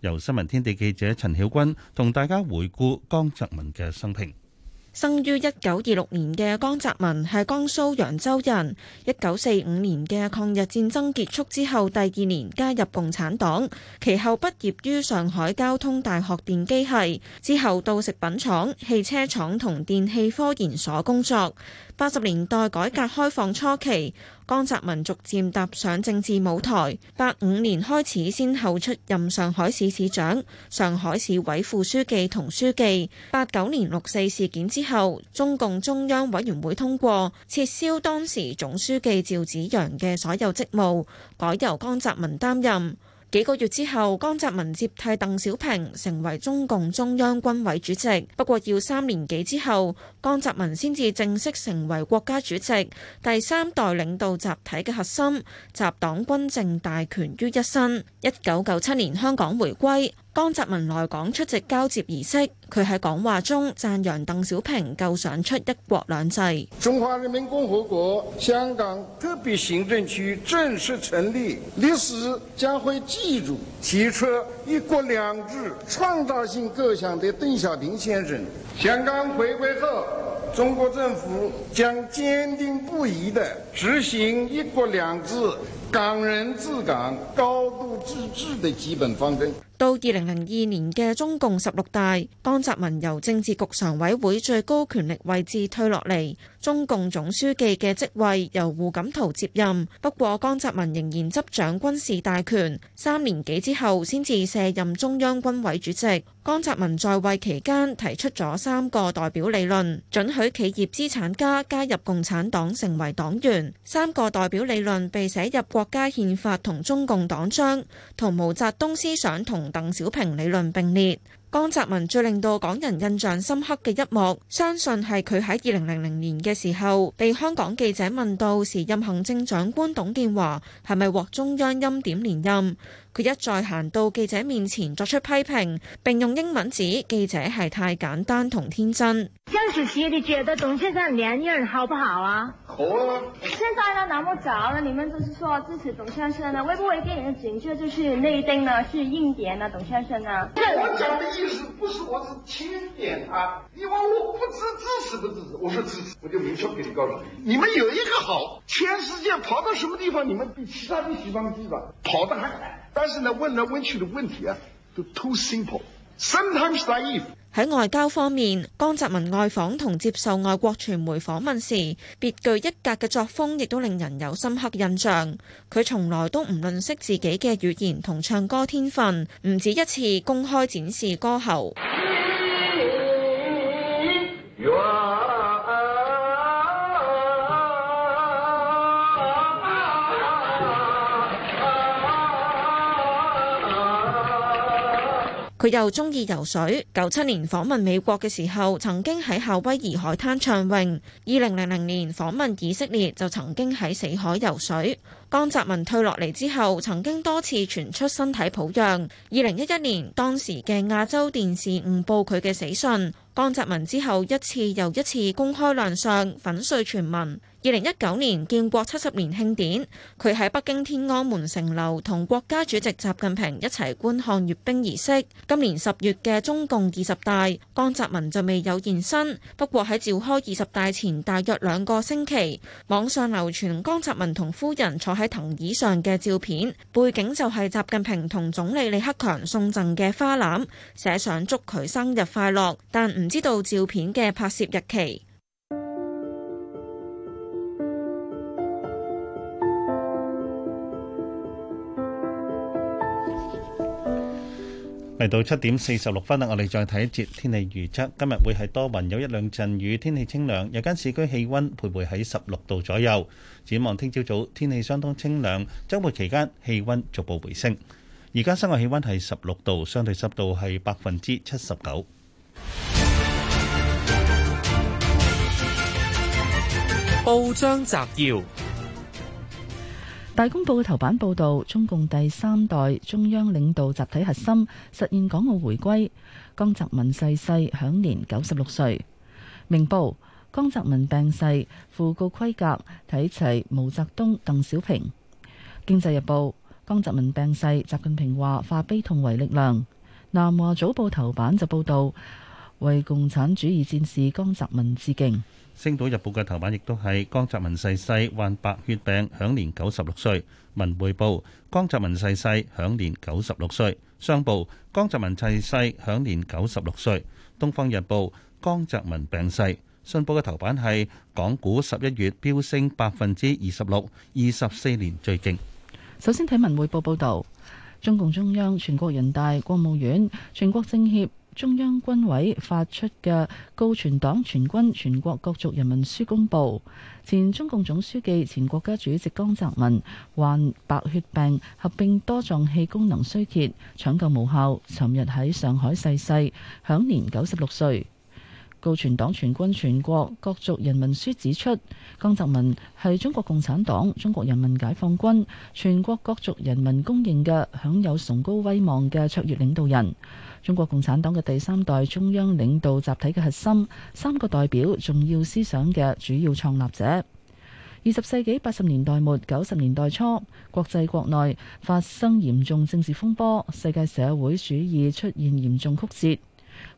由新聞天地記者陳曉君同大家回顧江澤民嘅生平。生於一九二六年嘅江澤民，係江蘇揚州人，一九四五年嘅抗日戰爭結束之後，第二年加入共產黨，其後畢業於上海交通大學電機系，之後到食品廠、汽車廠同電器科研所工作。八十年代改革開放初期，江澤民逐漸踏上政治舞台。八五年開始，先後出任上海市市長、上海市委副書記同書記。八九年六四事件之後，中共中央委員會通過撤銷當時總書記趙紫陽嘅所有職務，改由江澤民擔任。幾個月之後，江澤民接替鄧小平成為中共中央軍委主席。不過要三年幾之後。江澤民先至正式成為國家主席，第三代領導集體嘅核心，集黨軍政大權於一身。一九九七年香港回歸，江澤民來港出席交接儀式，佢喺講話中讚揚鄧小平構想出一國兩制。中華人民共和國香港特別行政區正式成立，歷史將會記住提出一國兩制創造性構想的鄧小平先生。香港回歸後。中國政府將堅定不移地執行一國兩制、港人治港、高度自治的基本方針。到二零零二年嘅中共十六大，江澤民由政治局常委會最高權力位置退落嚟，中共總書記嘅職位由胡錦濤接任。不過江澤民仍然執掌軍事大權，三年幾之後先至卸任中央軍委主席。江澤民在位期間提出咗三個代表理論，准許企業資產家加入共產黨成為黨員，三個代表理論被寫入國家憲法同中共黨章，同毛澤東思想同鄧小平理論並列。江澤民最令到港人印象深刻嘅一幕，相信係佢喺二零零零年嘅時候，被香港記者問到時任行政長官董建華係咪獲中央欽點連任。佢一再行到記者面前作出批評，並用英文指記者係太簡單同天真。江主席你覺得董先生連任，好不好啊？好啊！現在呢，那麼早呢。你們就是說支持董先生呢，會不會變成這就是內定呢？是硬點呢、啊？董先生呢？我講的意思不是我是欽點啊！因為我不知支持不支持，我說支持，我就明確畀你講，你們有一個好，全世界跑到什麼地方，你們比其他啲西方記者跑得還快。但是呢，問來問去嘅問題啊，都 too simple，sometimes naive。喺外交方面，江澤民外訪同接受外國傳媒訪問時，別具一格嘅作風亦都令人有深刻印象。佢從來都唔吝惜自己嘅語言同唱歌天分，唔止一次公開展示歌喉。 佢又中意游水。九七年訪問美國嘅時候，曾經喺夏威夷海灘暢泳。二零零零年訪問以色列就曾經喺死海游水。江澤民退落嚟之後，曾經多次傳出身體抱恙。二零一一年當時嘅亞洲電視誤報佢嘅死訊，江澤民之後一次又一次公開亮相，粉碎傳聞。二零一九年建國七十年慶典，佢喺北京天安門城樓同國家主席習近平一齊觀看閱兵儀式。今年十月嘅中共二十大，江澤民就未有現身。不過喺召開二十大前大約兩個星期，網上流傳江澤民同夫人坐喺藤椅上嘅照片，背景就係習近平同總理李克強送贈嘅花籃，寫上祝佢生日快樂，但唔知道照片嘅拍攝日期。嚟到七點四十六分啦，我哋再睇一節天氣預測。今日會係多雲有一兩陣雨，天氣清涼。日間市區氣溫徘徊喺十六度左右。展望聽朝早天氣相當清涼，周末期間氣溫逐步回升。而家室外氣溫係十六度，相對濕度係百分之七十九。報章摘要。大公報嘅頭版報導，中共第三代中央領導集體核心實現港澳回歸。江澤民逝世，世，享年九十六歲。明報，江澤民病逝，訃告規格，睇齊毛澤東、鄧小平。經濟日報，江澤民病逝，習近平話化悲痛為力量。南華早報頭版就報導，為共產主義戰士江澤民致敬。星島日報嘅頭版亦都係江澤民逝世，患白血病，享年九十六歲。文匯報：江澤民逝世，享年九十六歲。商報：江澤民逝世，享年九十六歲。東方日報：江澤民病逝。信報嘅頭版係港股十一月飆升百分之二十六，二十四年最勁。首先睇文匯報報道，中共中央、全國人大、國務院、全國政協。中央軍委發出嘅《告全黨全軍全國各族人民書》公佈，前中共總書記、前國家主席江澤民患白血病，合併多臟器功能衰竭，搶救無效，尋日喺上海逝世，享年九十六歲。《告全黨全軍全國各族人民書》指出，江澤民係中國共產黨、中國人民解放軍、全國各族人民公認嘅享有崇高威望嘅卓越領導人。中國共產黨嘅第三代中央領導集體嘅核心，三個代表重要思想嘅主要創立者。二十世紀八十年代末九十年代初，國際國內發生嚴重政治風波，世界社會主義出現嚴重曲折。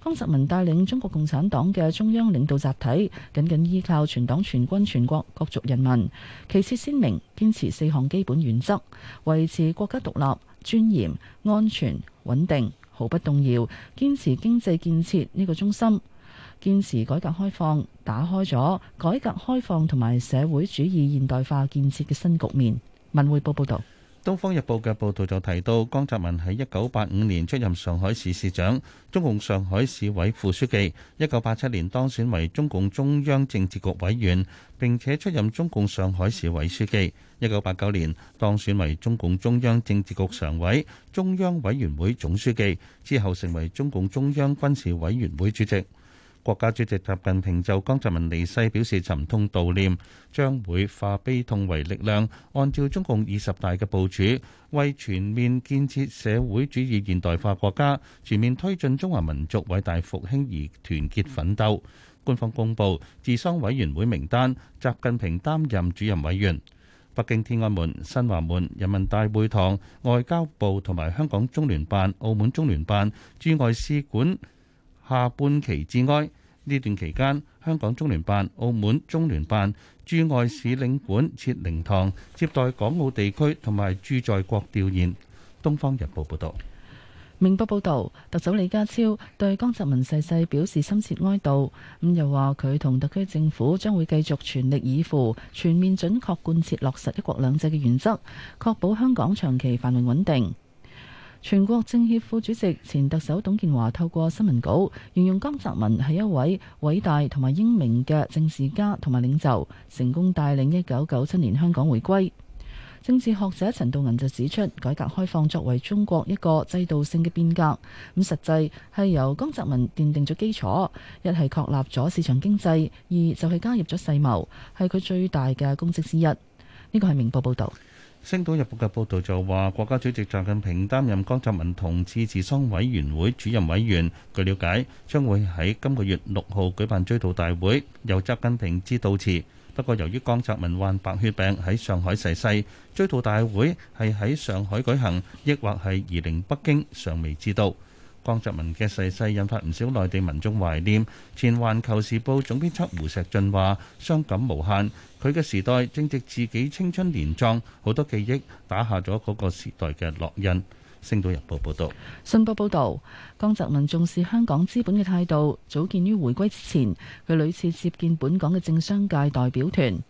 江澤民帶領中國共產黨嘅中央領導集體，緊緊依靠全黨全軍全國各族人民，旗幟鮮明，堅持四項基本原則，維持國家獨立、尊嚴、安全、穩定。毫不動搖，堅持經濟建設呢個中心，堅持改革開放，打開咗改革開放同埋社會主義現代化建設嘅新局面。文匯報報道。《東方日報》嘅報道就提到，江澤民喺一九八五年出任上海市市長、中共上海市委副書記；一九八七年當選為中共中央政治局委員，並且出任中共上海市委書記；一九八九年當選為中共中央政治局常委、中央委員會總書記，之後成為中共中央軍事委員會主席。國家主席習近平就江澤民離世表示沉痛悼念，將會化悲痛為力量，按照中共二十大嘅部署，為全面建設社會主義現代化國家、全面推進中華民族偉大復興而團結奮鬥。官方公布治喪委員會名單，習近平擔任主任委員。北京天安門、新華門、人民大會堂、外交部同埋香港中聯辦、澳門中聯辦、駐外使館。下半期致哀，呢段期間，香港中聯辦、澳門中聯辦、駐外使領館設靈堂，接待港澳地區同埋駐在國弔唁。東方日報報道，明報報道，特首李家超對江澤民逝世表示深切哀悼，咁又話，佢同特區政府將會繼續全力以赴，全面準確貫徹落實一國兩制嘅原則，確保香港長期繁榮穩定。全國政協副主席前特首董建華透過新聞稿形容，江澤民係一位偉大同埋英明嘅政治家同埋領袖，成功帶領一九九七年香港回歸。政治學者陳道銀就指出，改革開放作為中國一個制度性嘅變革，咁實際係由江澤民奠定咗基礎，一係確立咗市場經濟，二就係加入咗世貿，係佢最大嘅功績之一。呢個係明報報導。《星島日報》嘅報導就話，國家主席習近平擔任江澤民同志治喪委員會主任委員。據了解，將會喺今個月六號舉辦追悼大會，由習近平致悼詞。不過，由於江澤民患白血病喺上海逝世，追悼大會係喺上海舉行，抑或係移靈北京，尚未知道。江澤民嘅逝世，世引發唔少內地民眾懷念。前環球時報總編輯胡錫進話：傷感無限。佢嘅時代正值自己青春年壯，好多記憶打下咗嗰個時代嘅烙印。星島日報報道，信報報道，江澤民重視香港資本嘅態度，早見於回歸之前。佢屢次接見本港嘅政商界代表團。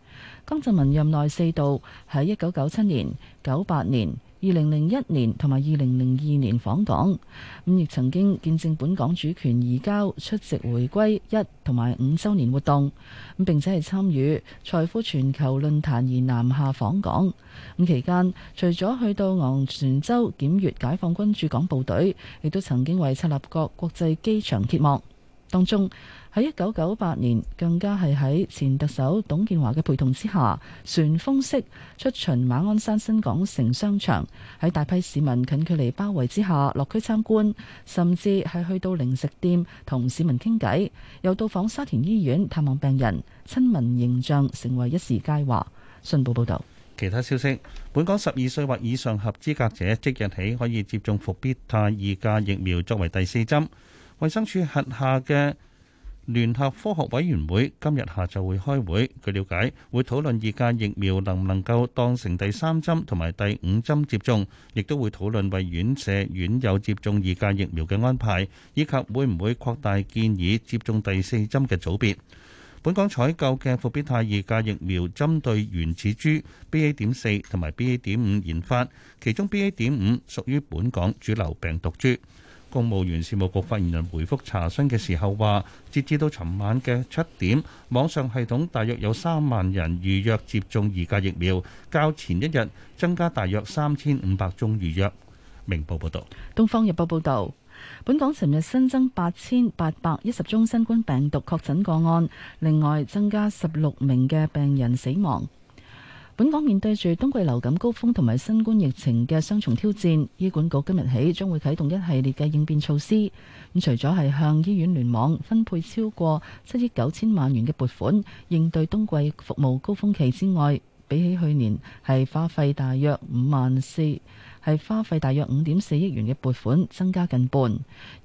江澤民任內四度喺一九九七年，九八年、二零零一年同埋二零零二年訪港，咁亦曾經見證本港主權移交、出席回歸一同埋五週年活動，咁並且係參與財富全球論壇而南下訪港。咁期間，除咗去到昂船洲檢閱解放軍駐港部隊，亦都曾經為赤鱲角國際機場揭幕。當中，喺一九九八年，更加係喺前特首董建華嘅陪同之下，旋風式出巡馬鞍山新港城商場，喺大批市民近距離包圍之下落區參觀，甚至係去到零食店同市民傾偈，又到訪沙田醫院探望病人，親民形象成為一時佳話，信報報道。其他消息，本港十二歲或以上合資格者即日起可以接種伏必泰二價疫苗，作為第四針，衛生署轄下嘅。聯合科學委員會今日下晝會開會，據了解會討論二價疫苗能唔能夠當成第三針同埋第五針接種，亦都會討論為院舍院友接種二價疫苗嘅安排，以及會唔會擴大建議接種第四針嘅組別。本港採購嘅復必泰二價疫苗針對原始株 BA 點四同埋 BA 點五研發，其中 BA 點五屬於本港主流病毒株。公務員事務局發言人回覆查詢嘅時候話，截至到尋晚嘅七點，網上系統大約有三萬人預約接種二價疫苗，較前一日增加大約三千五百宗預約。明報報道，東方日報報道，本港尋日新增八千八百一十宗新冠病毒確診個案，另外增加十六名嘅病人死亡。本港面對住冬季流感高峰同埋新冠疫情嘅雙重挑戰，醫管局今日起將會啟動一系列嘅應變措施。咁除咗係向醫院聯網分配超過七億九千萬元嘅撥款，應對冬季服務高峰期之外，比起去年係花費大約五萬四。係花費大約五點四億元嘅撥款，增加近半，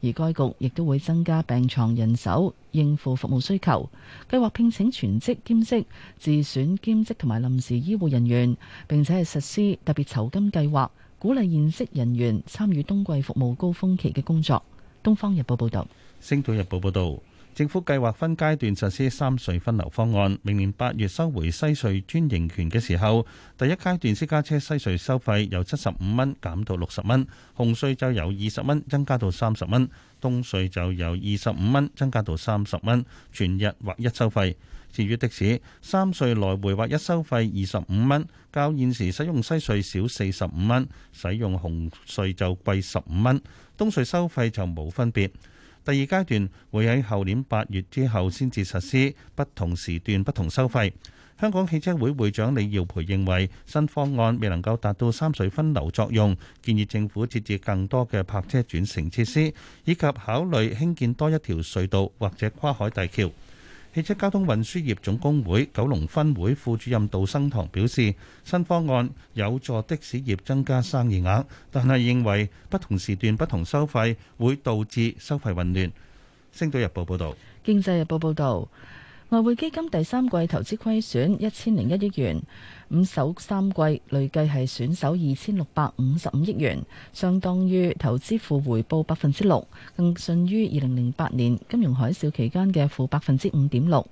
而該局亦都會增加病床人手，應付服務需求。計劃聘請全職、兼職、自選兼職同埋臨時醫護人員，並且係實施特別酬金計劃，鼓勵現職人員參與冬季服務高峰期嘅工作。東方日報報道，星島日報報道。政府計劃分階段實施三隧分流方案，明年八月收回西隧專營權嘅時候，第一階段私家車西隧收費由七十五蚊減到六十蚊，紅隧就由二十蚊增加到三十蚊，東隧就由二十五蚊增加到三十蚊，全日劃一收費。至於的士，三隧來回劃一收費二十五蚊，較現時使用西隧少四十五蚊，使用紅隧就貴十五蚊，東隧收費就冇分別。第二階段會喺後年八月之後先至實施，不同時段不同收費。香港汽車會會長李耀培認為新方案未能夠達到三水分流作用，建議政府設置更多嘅泊車轉乘設施，以及考慮興建多一條隧道或者跨海大橋。汽車交通運輸業總工會九龍分會副主任杜生堂表示，新方案有助的士業增加生意額，但係認為不同時段不同收費會導致收費混亂。星島日報報導，經濟日報報導。外匯基金第三季投資虧損一千零一億元，咁首三季累計係損手二千六百五十五億元，相當於投資負回報百分之六，更遜於二零零八年金融海嘯期間嘅負百分之五點六。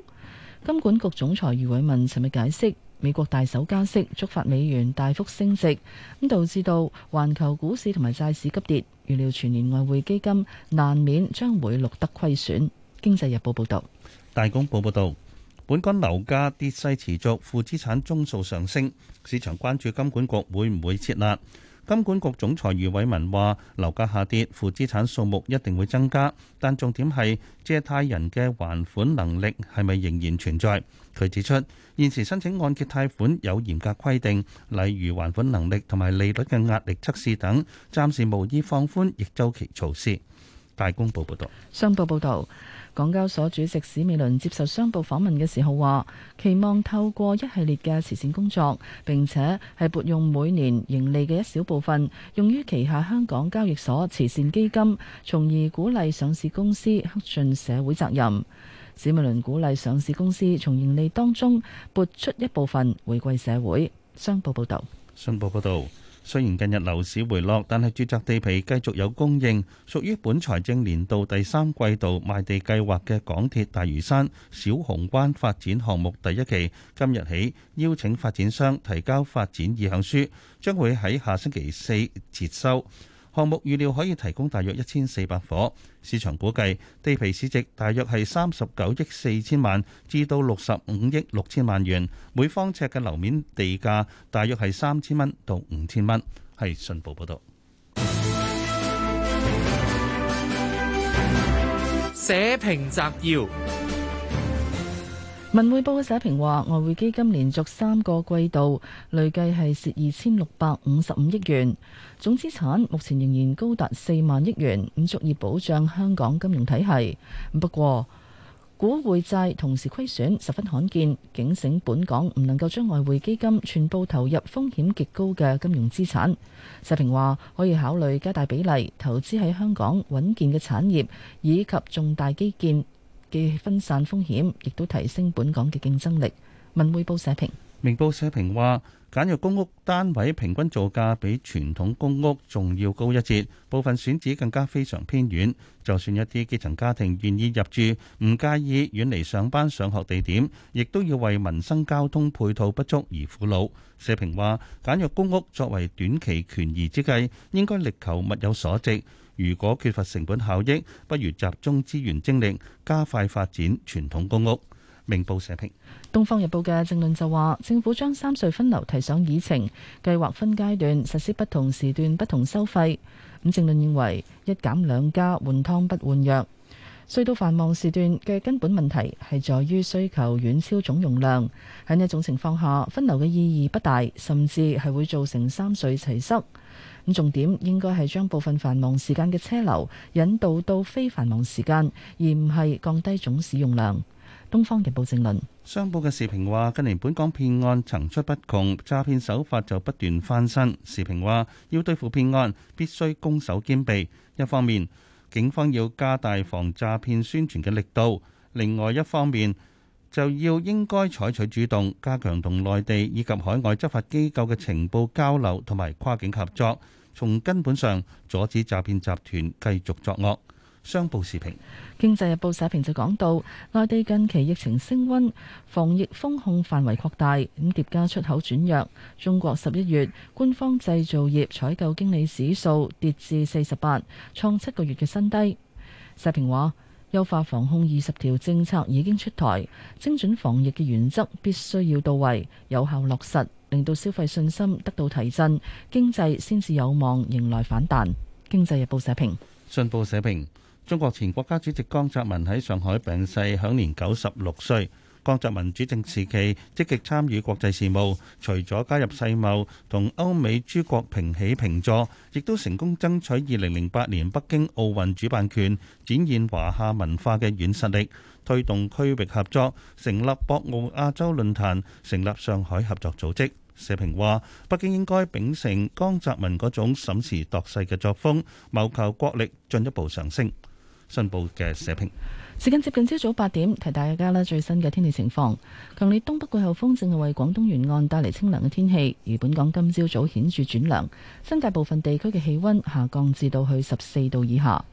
金管局總裁余偉文尋日解釋，美國大手加息觸發美元大幅升值，咁導致到環球股市同埋債市急跌，預料全年外匯基金難免將會錄得虧損。經濟日報報導。大公報報導，本港樓價跌勢持續，負資產宗數上升，市場關注金管局會唔會設立。金管局總裁余偉文話：樓價下跌，負資產數目一定會增加，但重點係借貸人嘅還款能力係咪仍然存在。佢指出，現時申請按揭貸款有嚴格規定，例如還款能力同埋利率嘅壓力測試等，暫時無意放寬逆周期措施。大公報報導，商報報導。港交所主席史美倫接受商報訪問嘅時候話，期望透過一系列嘅慈善工作，並且係撥用每年盈利嘅一小部分，用於旗下香港交易所慈善基金，從而鼓勵上市公司恪盡社會責任。史美倫鼓勵上市公司從盈利當中撥出一部分回饋社會。商報報道。商報報道。雖然近日樓市回落，但係住宅地皮繼續有供應。屬於本財政年度第三季度賣地計劃嘅港鐵大嶼山小蠔灣發展項目第一期，今日起邀請發展商提交發展意向書，將會喺下星期四接收。項目預料可以提供大約一千四百伙，市場估計地皮市值大約係三十九億四千萬至到六十五億六千萬元，每方尺嘅樓面地價大約係三千蚊到五千蚊。係信報報道。社評摘要：文匯報嘅社評話，外匯基金連續三個季度累計係蝕二千六百五十五億元。總資產目前仍然高達四萬億元，唔足以保障香港金融體系。不過，股匯債同時虧損十分罕見，警醒本港唔能夠將外匯基金全部投入風險極高嘅金融資產。社評話可以考慮加大比例投資喺香港穩健嘅產業以及重大基建嘅分散風險，亦都提升本港嘅競爭力。文匯報社評。明報社評話。簡約公屋單位平均造價比傳統公屋仲要高一截，部分選址更加非常偏遠，就算一啲基層家庭願意入住，唔介意遠離上班、上學地點，亦都要為民生交通配套不足而苦惱。社評話，簡約公屋作為短期權宜之計，應該力求物有所值。如果缺乏成本效益，不如集中資源精力，加快發展傳統公屋。明報社評，《東方日報》嘅政論就話，政府將三隧分流提上議程，計劃分階段實施不同時段不同收費。咁政論認為一減兩加，換湯不換藥。隧道繁忙時段嘅根本問題係在於需求遠超總容量。喺呢一種情況下，分流嘅意義不大，甚至係會造成三隧齊塞。咁重點應該係將部分繁忙時間嘅車流引導到非繁忙時間，而唔係降低總使用量。東方日報政論，商報嘅時評話：近年本港騙案層出不窮，詐騙手法就不斷翻新。時評話，要對付騙案，必須攻守兼備。一方面，警方要加大防詐騙宣傳嘅力度；另外一方面，就要應該採取主動，加強同內地以及海外執法機構嘅情報交流同埋跨境合作，從根本上阻止詐騙集團繼續作惡。商報視頻，《經濟日報》社評就講到，內地近期疫情升溫，防疫封控範圍擴大，咁疊加出口轉弱，中國十一月官方製造業採購經理指數跌至四十八，創七個月嘅新低。社評話，優化防控二十條政策已經出台，精準防疫嘅原則必須要到位，有效落實，令到消費信心得到提振，經濟先至有望迎來反彈。《經濟日報》社評，信報社評。中國前國家主席江澤民喺上海病逝，享年九十六歲。江澤民主政時期，積極參與國際事務，除咗加入世貿同歐美諸國平起平坐，亦都成功爭取二零零八年北京奧運主辦權，展現華夏文化嘅軟實力，推動區域合作，成立博鰲亞洲論壇，成立上海合作組織。社評話：北京應該秉承江澤民嗰種審時度勢嘅作風，謀求國力進一步上升。新報嘅社評。時間接近朝早八點，提大家啦，最新嘅天氣情況。強烈東北季候風正係為廣東沿岸帶嚟清涼嘅天氣，而本港今朝早顯著轉涼，新界部分地區嘅氣温下降至到去十四度以下。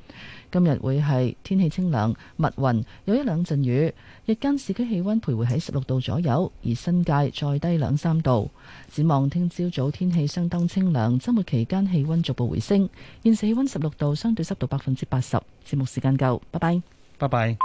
今日會係天氣清涼，密雲有一兩陣雨。日間市區氣溫徘徊喺十六度左右，而新界再低兩三度。展望聽朝早，早天氣相當清涼，周末期間氣溫逐步回升。現時氣溫十六度，相對濕度百分之八十。節目時間夠，拜拜，拜拜。